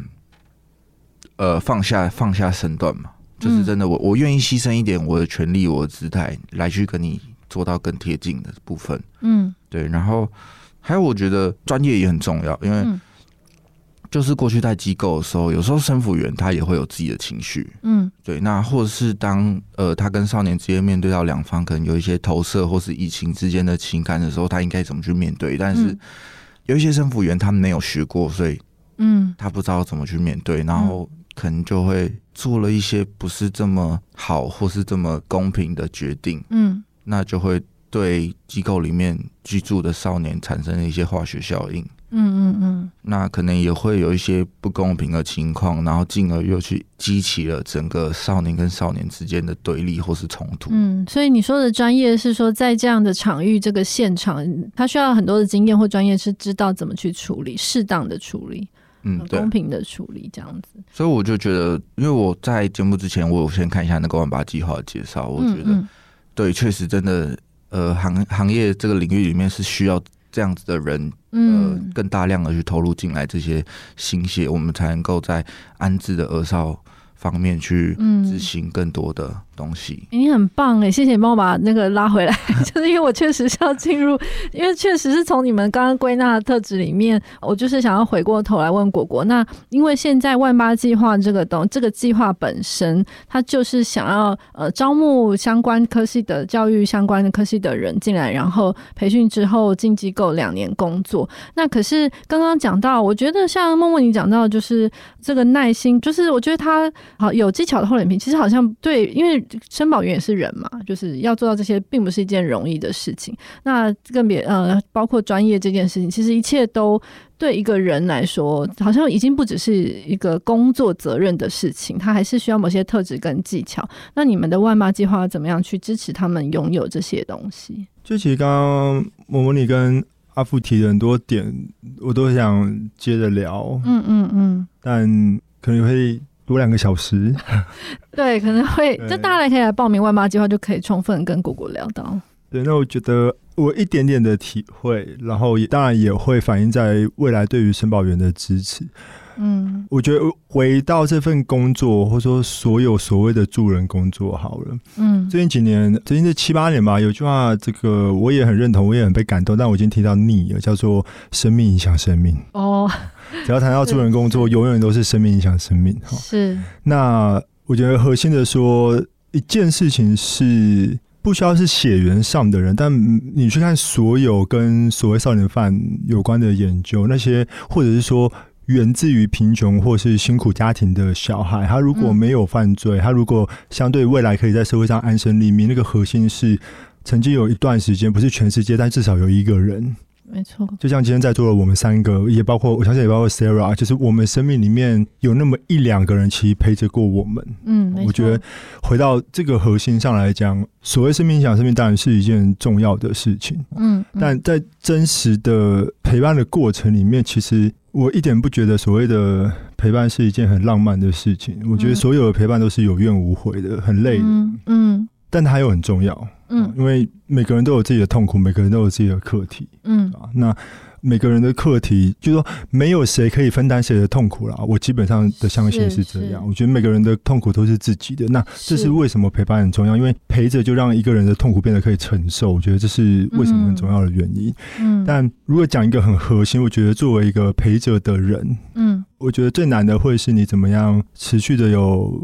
呃，放下放下身段嘛，嗯、就是真的我，我我願意犧牲一點我的權利，我的姿態來去跟你做到更貼近的部分。嗯，對。然後還有，我覺得專業也很重要，因為就是過去在機構的時候，有時候生輔員他也會有自己的情緒。嗯，對。那或者是當呃，他跟少年之間面對到兩方可能有一些投射或是疫情之間的情感的時候，他應該怎麼去面對？但是有一些生輔員他沒有學過，所以嗯，他不知道怎麼去面對，嗯、然後。可能就會做了一些不是這麼好或是這麼公平的決定，嗯，那就會對機構裡面居住的少年產生一些化學效應，嗯嗯嗯，嗯嗯，那可能也會有一些不公平的情況，然後進而又去激起了整個少年跟少年之間的對立或是衝突，嗯，所以你說的專業是說在這樣的場域這個現場，他需要很多的經驗或專業，是知道怎麼去處理，適當的處理。嗯，公平的處理這樣子，嗯，所以我就覺得，因為我在節目之前，我有先看一下那個萬八計劃的介紹，我覺得，嗯嗯，對，確實真的，呃，行行業這個領域裡面是需要這樣子的人，呃，嗯，更大量的去投入進來這些心血，我們才能夠在安置的兒少。方面去執行更多的東西，嗯欸、你很棒哎、欸，謝謝你幫我把那個拉回來， 就是因為我確實是要進入，因為確實是從你們剛剛歸納的特質裡面，我就是想要回過頭來問國國。那因為現在萬八計劃這個東這個計劃本身，它就是想要呃招募相關科系的教育相關的科系的人進來，然後培訓之後進機構兩年工作。那可是剛剛講到，我覺得像莫莫你講到，就是這個耐心，就是我覺得他。好有技巧的厚臉皮，其實好像對，因為生輔員也是人嘛，就是要做到這些，並不是一件容易的事情。那更別呃，包括專業這件事情，其實一切都對一個人來說，好像已經不只是一個工作責任的事情，他還是需要某些特質跟技巧。那你們的萬８計畫怎麼樣去支持他們擁有這些東西？就其實剛剛莫莫你跟阿富提的很多點，我都想接着聊，嗯嗯嗯，但可能會。多兩個小時， 對，可能會，對就大家來可以來報名萬八計畫，就可以充分跟國國聊到。對，那我覺得我一點點的體會，然後也當然也會反映在未來對於申報員的支持。嗯，我覺得回到這份工作，或者說所有所謂的助人工作，好了，嗯，最近幾年，最近這七八年吧，有句話，這個我也很認同，我也很被感動，但我已經聽到膩了，叫做“生命影響生命”。哦，只要談到助人工作，是是永遠都是生命影響生命。哈是，是、哦。那我覺得核心的說，一件事情是不需要是血緣上的人，但你去看所有跟所謂少年犯有關的研究，那些或者是說。源自於貧窮或是辛苦家庭的小孩，他如果沒有犯罪，嗯、他如果相對未來可以在社會上安身立命，那個核心是曾經有一段時間，不是全世界，但至少有一個人，沒錯。就像今天在座的我們三個，也包括我相信也包括 Sarah，就是我們生命裡面有那麼一兩個人，其實陪着過我們。嗯，沒錯。我覺得回到這個核心上來講，所謂生命影響生命，當然是一件重要的事情。嗯，嗯，但在真實的陪伴的過程裡面，其實。我一點不覺得所謂的陪伴是一件很浪漫的事情。嗯、我覺得所有的陪伴都是有怨無悔的，很累的。嗯，嗯，但它又很重要。嗯，因為每個人都有自己的痛苦，每個人都有自己的課題。嗯，啊、那。每個人的課題，就是說沒有誰可以分擔誰的痛苦啦。我基本上的相信是這樣。是是，我覺得每個人的痛苦都是自己的。那這是為什麼陪伴很重要？因為陪着就讓一個人的痛苦變得可以承受。我覺得這是為什麼很重要的原因。嗯，但如果講一個很核心，我覺得作為一個陪着的人，嗯嗯我覺得最難的會是你怎麼樣持續的有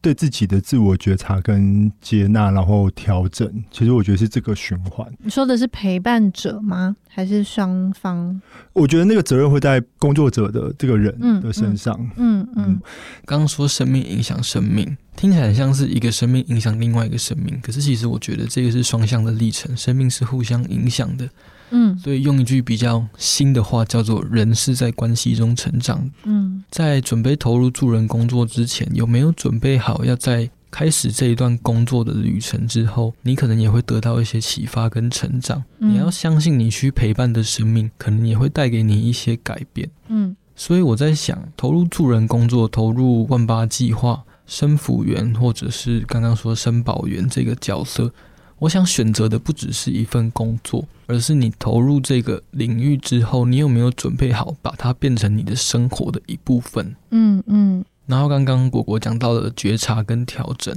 對自己的自我覺察跟接納，然後調整。其實我覺得是這個循環。你說的是陪伴者嗎？還是雙方？我覺得那個責任會在工作者的這個人的身上。嗯嗯。嗯嗯嗯，剛剛說生命影響生命，聽起來像是一個生命影響另外一個生命，可是其實我覺得這個是雙向的歷程，生命是互相影響的。嗯，所以用一句比較新的話叫做“人是在關係中成長”。嗯，在準備投入助人工作之前，有沒有準備好？要在開始這一段工作的旅程之後，你可能也會得到一些啟發跟成長。你要相信，你去陪伴的生命，可能也會帶給你一些改變。嗯，所以我在想，投入助人工作，投入萬八計劃、生輔員，或者是剛剛說生保員這個角色，我想選擇的不只是一份工作，而是你投入這個領域之後，你有沒有準備好把它變成你的生活的一部分？嗯嗯。嗯，然後剛剛國國講到了覺察跟調整，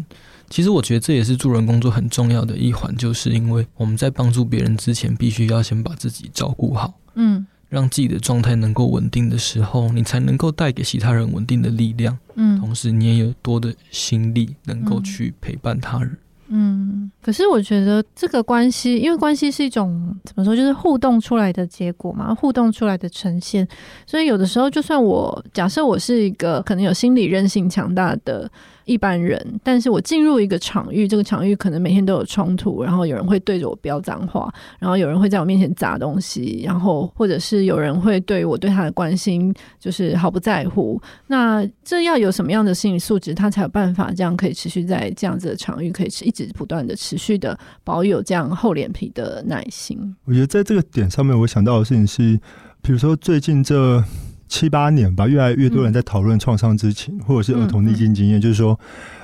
其實我覺得這也是助人工作很重要的一環，就是因為我們在幫助別人之前，必須要先把自己照顧好。嗯，讓自己的狀態能夠穩定的時候，你才能夠帶給其他人穩定的力量。嗯，同時你也有多的心力能夠去陪伴他人。嗯，可是我覺得這個關係，因為關係是一種怎麼說，就是互動出來的結果嘛，互動出來的呈現，所以有的時候，就算我假設我是一個可能有心理韌性強大的。一般人，但是我進入一個場域，這個場域可能每天都有衝突，然後有人會對着我飆髒話，然後有人會在我面前砸東西，然後或者是有人會對我對他的關心就是毫不在乎。那這要有什麼樣的心理素質，他才有辦法這樣可以持續在這樣子的場域，可以一直不斷的持續的保有這樣厚臉皮的耐心？我覺得在這個點上面，我想到的事情是，比如說最近這。七八年吧，越來越多人在討論創傷知情，嗯、或者是兒童逆境經驗，嗯嗯、就是說，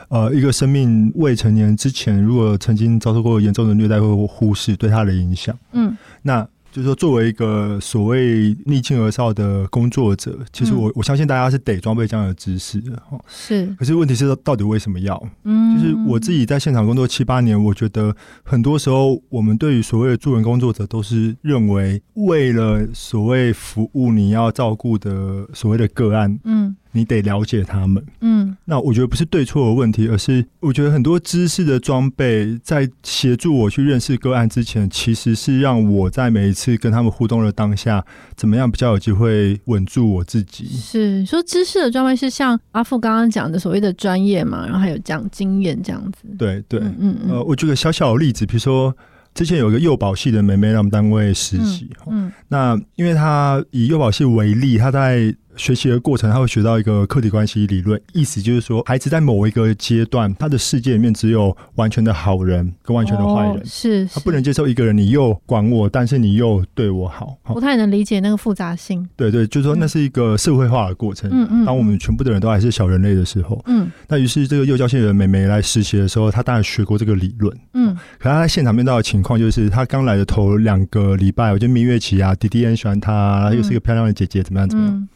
呃，一個生命未成年之前，如果曾經遭受過嚴重的虐待或忽視，對他的影響，嗯，那。就是說，作為一個所謂逆境兒少的工作者，其實我、嗯、我相信大家是得裝備這樣的知識的哈。是，可是問題是到底為什麼要？嗯，就是我自己在現場工作七八年，我覺得很多時候我們對於所謂的助人工作者，都是認為為了所謂服務，你要照顧的所謂的個案，嗯。你得了解他們，嗯，那我覺得不是對錯的問題，而是我覺得很多知識的裝備，在協助我去認識個案之前，其實是讓我在每一次跟他們互動的當下，怎麼樣比較有機會穩住我自己。是，說知識的裝備是像阿富剛剛講的所謂的專業嘛？然後還有講經驗這樣子。對對嗯嗯呃，我舉個小小的例子，比如說之前有一個幼保系的妹妹到我們單位實習。嗯，嗯，那因為她以幼保系為例，她在。學習的過程，他會學到一個客體關係理論，意思就是說，孩子在某一個階段，他的世界裡面只有完全的好人跟完全的壞人，哦、是，是他不能接受一個人，你又管我，但是你又對我好，嗯、不太能理解那個複雜性。對對，就是說，那是一個社會化的過程。嗯嗯。當我們全部的人都還是小人類的時候，嗯，那於是這個幼教系的妹妹來實習的時候，他當然學過這個理論，嗯，嗯，可他現場面到的情況就是，他剛來的頭兩個禮拜，我覺得蜜月期啊，弟弟很喜歡她，啊，又、嗯、是一個漂亮的姐姐，怎麼樣怎麼樣。嗯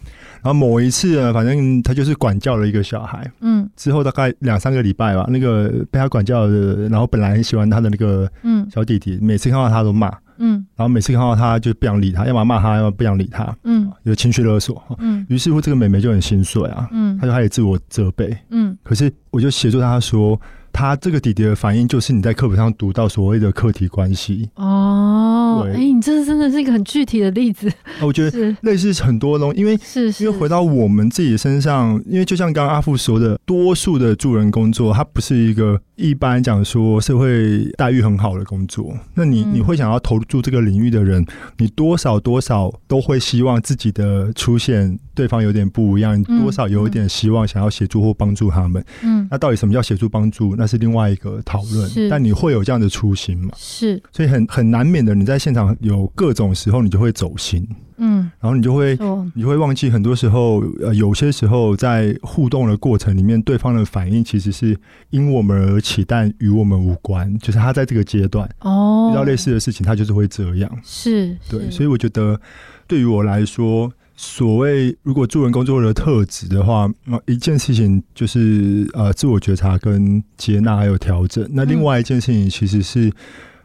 然後某一次呢，反正他就是管教了一個小孩，嗯，之後大概兩三個禮拜吧，那個被他管教的，然後本來很喜歡他的那個，嗯，小弟弟，嗯，每次看到他都罵，嗯，然後每次看到他就不想理他，要麼罵他，要麼不想理他，嗯，有情緒勒索，嗯，於是乎這個妹妹就很心碎啊，嗯，他就開始自我責備，嗯，可是我就協助他說，他這個弟弟的反應，就是你在課本上讀到所謂的課題關係哦。對，哎、欸，你這是真的是一個很具體的例子。 我覺得類似很多東西，因為是是是是因為回到我們自己身上，因為就像剛剛阿富說的，多數的助人工作，它不是一個一般講說社會待遇很好的工作。那你你會想要投入這個領域的人，嗯、你多少多少都會希望自己的出現對方有點不一樣，多少有一點希望想要協助或幫助他們。嗯，那到底什麼叫協助幫助？那是另外一個討論，是但你會有這樣的初心嘛？是，所以很很難免的，你在現場有各種時候，你就會走心，嗯，然後你就會，說你就會忘記很多時候，呃，有些時候在互動的過程裡面，對方的反應其實是因我們而起，但與我們無關，就是他在這個階段哦，遇到類似的事情，他就是會這樣，是，是對，所以我覺得對於我來說。所謂如果助人工作的特質的話，那一件事情就是呃自我覺察跟接納還有調整。那另外一件事情其實是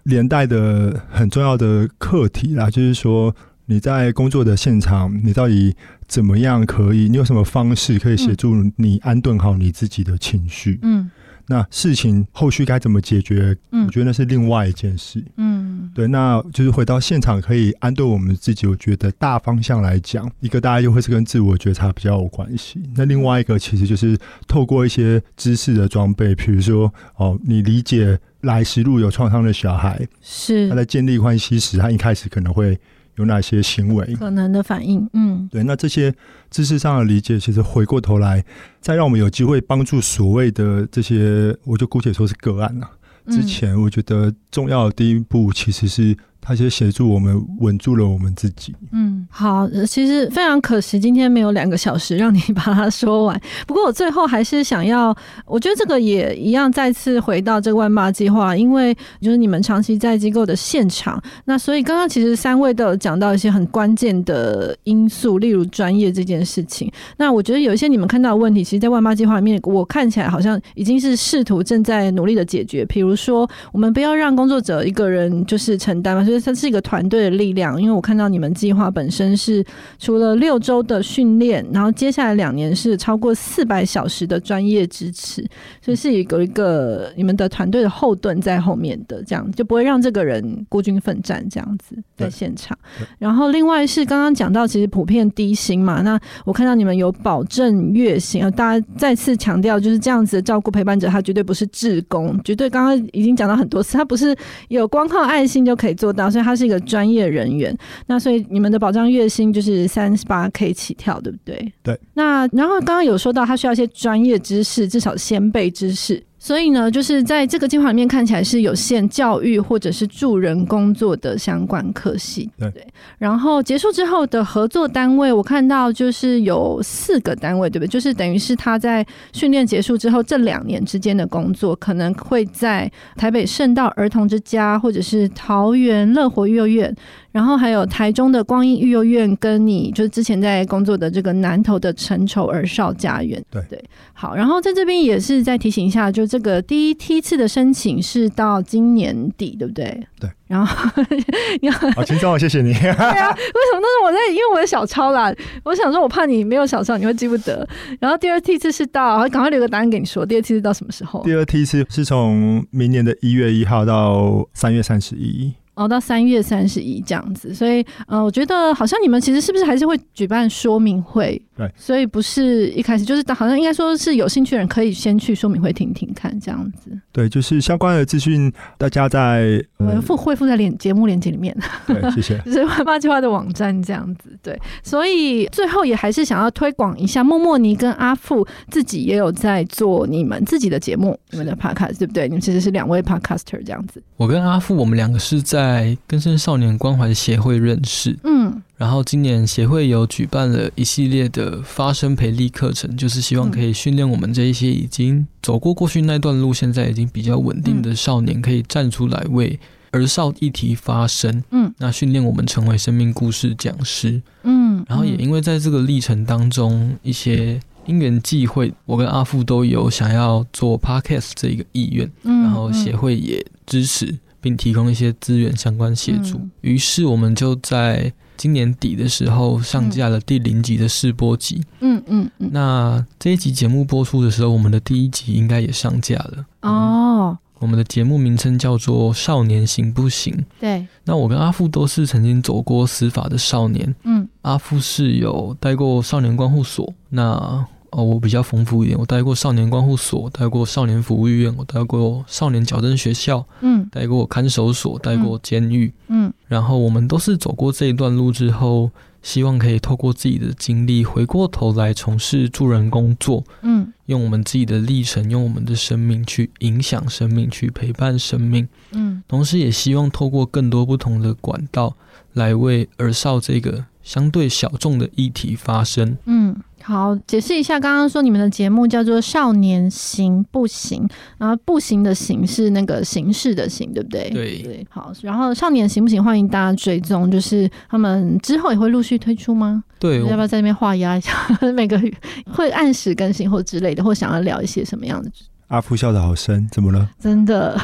連帶的很重要的課題啦，嗯、就是說你在工作的現場，你到底怎麼樣可以？你有什麼方式可以協助你安頓好你自己的情緒？嗯。那事情後續該怎麼解決？嗯，我覺得那是另外一件事。嗯，對，那就是回到現場可以安頓我們自己。我覺得大方向來講，一個大家又會是跟自我覺察比較有關係。那另外一個，其實就是透過一些知識的裝備，比如說哦，你理解來時路有創傷的小孩，是他在建立關係時，他一開始可能會。有哪些行為可能的反應？嗯，對，那這些知識上的理解，其實回過頭來，再讓我們有機會幫助所謂的這些，我就姑且說是個案了啊，之前我覺得重要的第一步其實是。他就協助我們穩住了我們自己。嗯，好，其實非常可惜，今天沒有兩個小時讓你把它說完。不過我最後還是想要，我覺得這個也一樣，再次回到這個萬八計劃，因為就是你們長期在機構的現場，那所以剛剛其實三位都有講到一些很關鍵的因素，例如專業這件事情。那我覺得有一些你們看到的問題，其實，在萬八計劃裡面，我看起來好像已經是試圖正在努力的解決，比如說我們不要讓工作者一個人就是承擔嘛，它是一個團隊的力量，因為我看到你們計劃本身是除了六周的訓練，然後接下來兩年是超過四百小時的專業支持，所以是一個一個你們的團隊的後盾在後面的，這樣就不會讓這個人孤軍奮戰這樣子在現場。然後另外是剛剛講到，其實普遍低薪嘛，那我看到你們有保證月薪，大家再次強調就是這樣子的照顧陪伴者，他絕對不是志工，絕對剛剛已經講到很多次，他不是有光靠愛心就可以做到。所以他是一個專業人員，那所以你們的保障月薪就是三十八 K 起跳，對不對？對。那然後剛剛有說到，他需要一些專業知識，至少先備知識。所以呢，就是在這個計劃裡面，看起來是有限教育或者是助人工作的相關科系。對，然後結束之後的合作單位，我看到就是有四個單位，對不對？就是等於是他在訓練結束之後這兩年之間的工作，可能會在台北聖道兒童之家，或者是桃園樂活幼兒園。然後還有台中的光陰育幼院，跟你就之前在工作的這個南投的成仇兒少家園。對對，好。然後在這邊也是再提醒一下，就這個第一梯次的申請是到今年底，對不對？對。然後，好，秦總，謝謝你。 對啊、為什麼都是我在？因為我的小抄啦，我想說，我怕你沒有小抄，你會記不得。然後第二梯次是到，我趕快留個答案給你說。第二梯次到什麼時候？第二梯次是從明年的一月一號到三月三十一。哦，到三月三十一這樣子，所以，呃，我覺得好像你們其實是不是還是會舉辦說明會？對，所以不是一開始就是好像應該說是有興趣的人可以先去說明會聽聽看這樣子。對，就是相關的資訊，大家在附、嗯、會附在連節目鏈接裡面。對，謝謝。呵呵，就是萬八計劃的網站這樣子。對，所以最後也還是想要推廣一下。莫莫尼跟阿富自己也有在做你們自己的節目，你們的 podcast 對不對？你們其實是兩位 podcaster 這樣子。我跟阿富，我們兩個是在更生少年關懷協會認識。嗯。然後今年協會有舉辦了一系列的發聲培力課程，就是希望可以訓練我們這一些已經走過過去那段路，現在已經比較穩定的少年，可以站出來為兒少議題發聲。嗯，那訓練我們成為生命故事講師。嗯，然後也因為在這個歷程當中，一些因緣際會，我跟阿富都有想要做 podcast 這一個意願，嗯、然後協會也支持並提供一些資源相關協助，嗯、於是我們就在。今年底的時候上架了第零集的試播集，嗯嗯嗯。那這一集節目播出的時候，我們的第一集應該也上架了。哦、嗯，我們的節目名稱叫做《少年行，不刑》。對。那我跟阿富都是曾經走過司法的少年。嗯。阿富是有待過少年觀護所。那。哦，我比較豐富一點，我待過少年觀護所，待過少年服務院，我待過少年矯正學校，嗯，待過看守所，待過監獄，嗯。嗯，然後我們都是走過這一段路之後，希望可以透過自己的經歷，回過頭來從事助人工作，嗯。用我們自己的歷程，用我們的生命去影響生命，去陪伴生命，嗯。同時也希望透過更多不同的管道，來為兒少這個相對小眾的議題發聲，嗯。好，解釋一下剛剛說，你們的節目叫做《少年行，不刑》，然後“不刑”的“刑”是那個刑事的“刑”，對不對？對。好，然後《少年行，不刑》歡迎大家追蹤，就是他們之後也會陸續推出嗎？對。要不要在那邊畫押一下？我 每個月會按時更新，或之類的，或想要聊一些什麼樣子？阿富笑得好深，怎麼了？真的，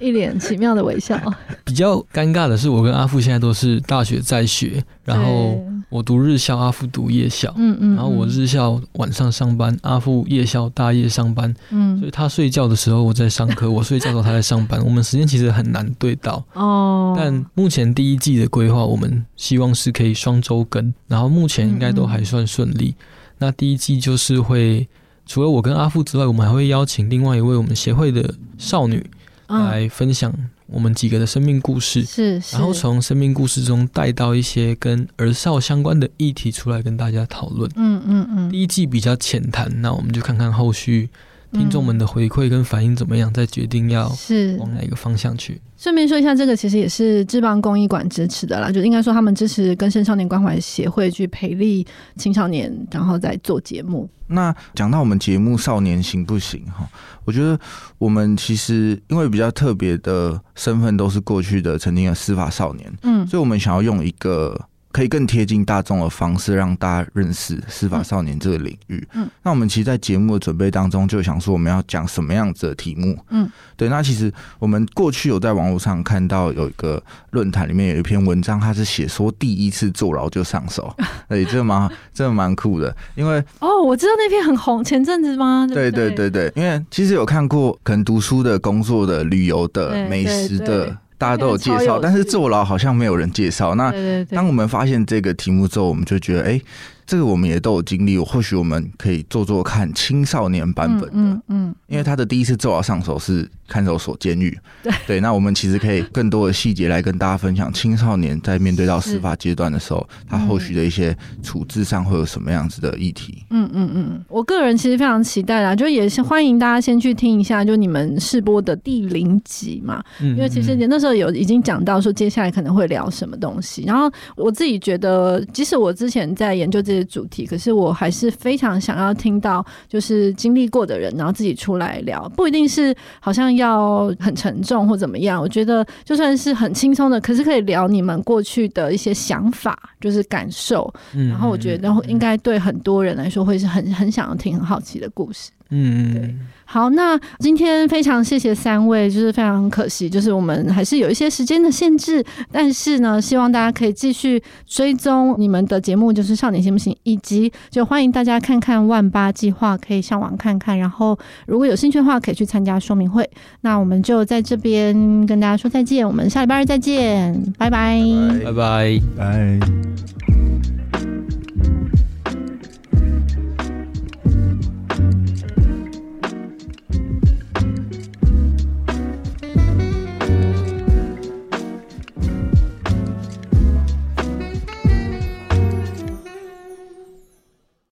一臉奇妙的微笑。 比較尷尬的是，我跟阿富現在都是大學在學，然後我讀日校，阿富讀夜校，嗯嗯對，然後我日校晚上上班，嗯嗯阿富夜校大夜上班，嗯，所以他睡覺的時候我在上課，我睡覺的時候他在上班， 我們時間其實很難對到哦。但目前第一季的規劃，我們希望是可以雙周更，然後目前應該都還算順利。嗯嗯那第一季就是會。除了我跟阿富之外，我們還會邀請另外一位我們協會的少女來分享我們幾個的生命故事。是、嗯，然後從生命故事中帶到一些跟兒少相關的議題出來跟大家討論。嗯嗯嗯。嗯嗯第一季比較淺談，那我們就看看後續。聽眾們的回饋跟反應怎麼樣？再決定要往哪一個方向去。順、嗯、便說一下，這個其實也是智邦公益館支持的啦，就應該說他們支持更生少年關懷協會去培力青少年，然後再做節目。那講到我們節目《少年行，不刑》哈？我覺得我們其實因為比較特別的身份，都是過去的曾經的司法少年，嗯，所以我們想要用一個。可以更貼近大眾的方式，讓大家認識司法少年這個領域。嗯，那我們其實，在節目的準備當中，就想說我們要講什麼樣子的題目？嗯，對。那其實我們過去有在網絡上看到有一個論壇裡面有一篇文章，他是寫說第一次坐牢就上手，哎， 這蠻這蠻酷的，因為哦，我知道那篇很紅，前陣子嗎？對對對對,對對對，因為其實有看過，可能讀書的、工作的、旅遊的、對對對美食的。大家都有介紹，但是坐牢好像沒有人介紹。對對對，那當我們發現這個題目之後，我們就覺得，哎、欸，這個我們也都有經歷，或許我們可以做做看青少年版本的，嗯，嗯嗯，因為他的第一次坐牢上手是。看守所、監獄，對對，那我們其實可以更多的細節來跟大家分享，青少年在面對到司法階段的時候，嗯、他後續的一些處置上會有什麼樣子的議題嗯？嗯嗯嗯，我個人其實非常期待啊，就也是歡迎大家先去聽一下，就你們試播的第零集嘛，因為其實你那時候有已經講到說接下來可能會聊什麼東西。然後我自己覺得，即使我之前在研究這些主題，可是我還是非常想要聽到就是經歷過的人，然後自己出來聊，不一定是好像，要很沉重或怎麼樣？我覺得就算是很輕鬆的，可是可以聊你們過去的一些想法，就是感受。嗯，然後我覺得應該對很多人來說會是很、嗯，很想要聽、很好奇的故事。嗯，對。好，那今天非常謝謝三位，就是非常可惜，就是我們還是有一些時間的限制，但是呢，希望大家可以繼續追蹤你們的節目，就是少年行，不刑，以及就歡迎大家看看萬八計劃，可以上網看看，然後如果有興趣的話，可以去參加說明會。那我們就在這邊跟大家說再見，我們下禮拜日再見，拜拜，拜拜，拜。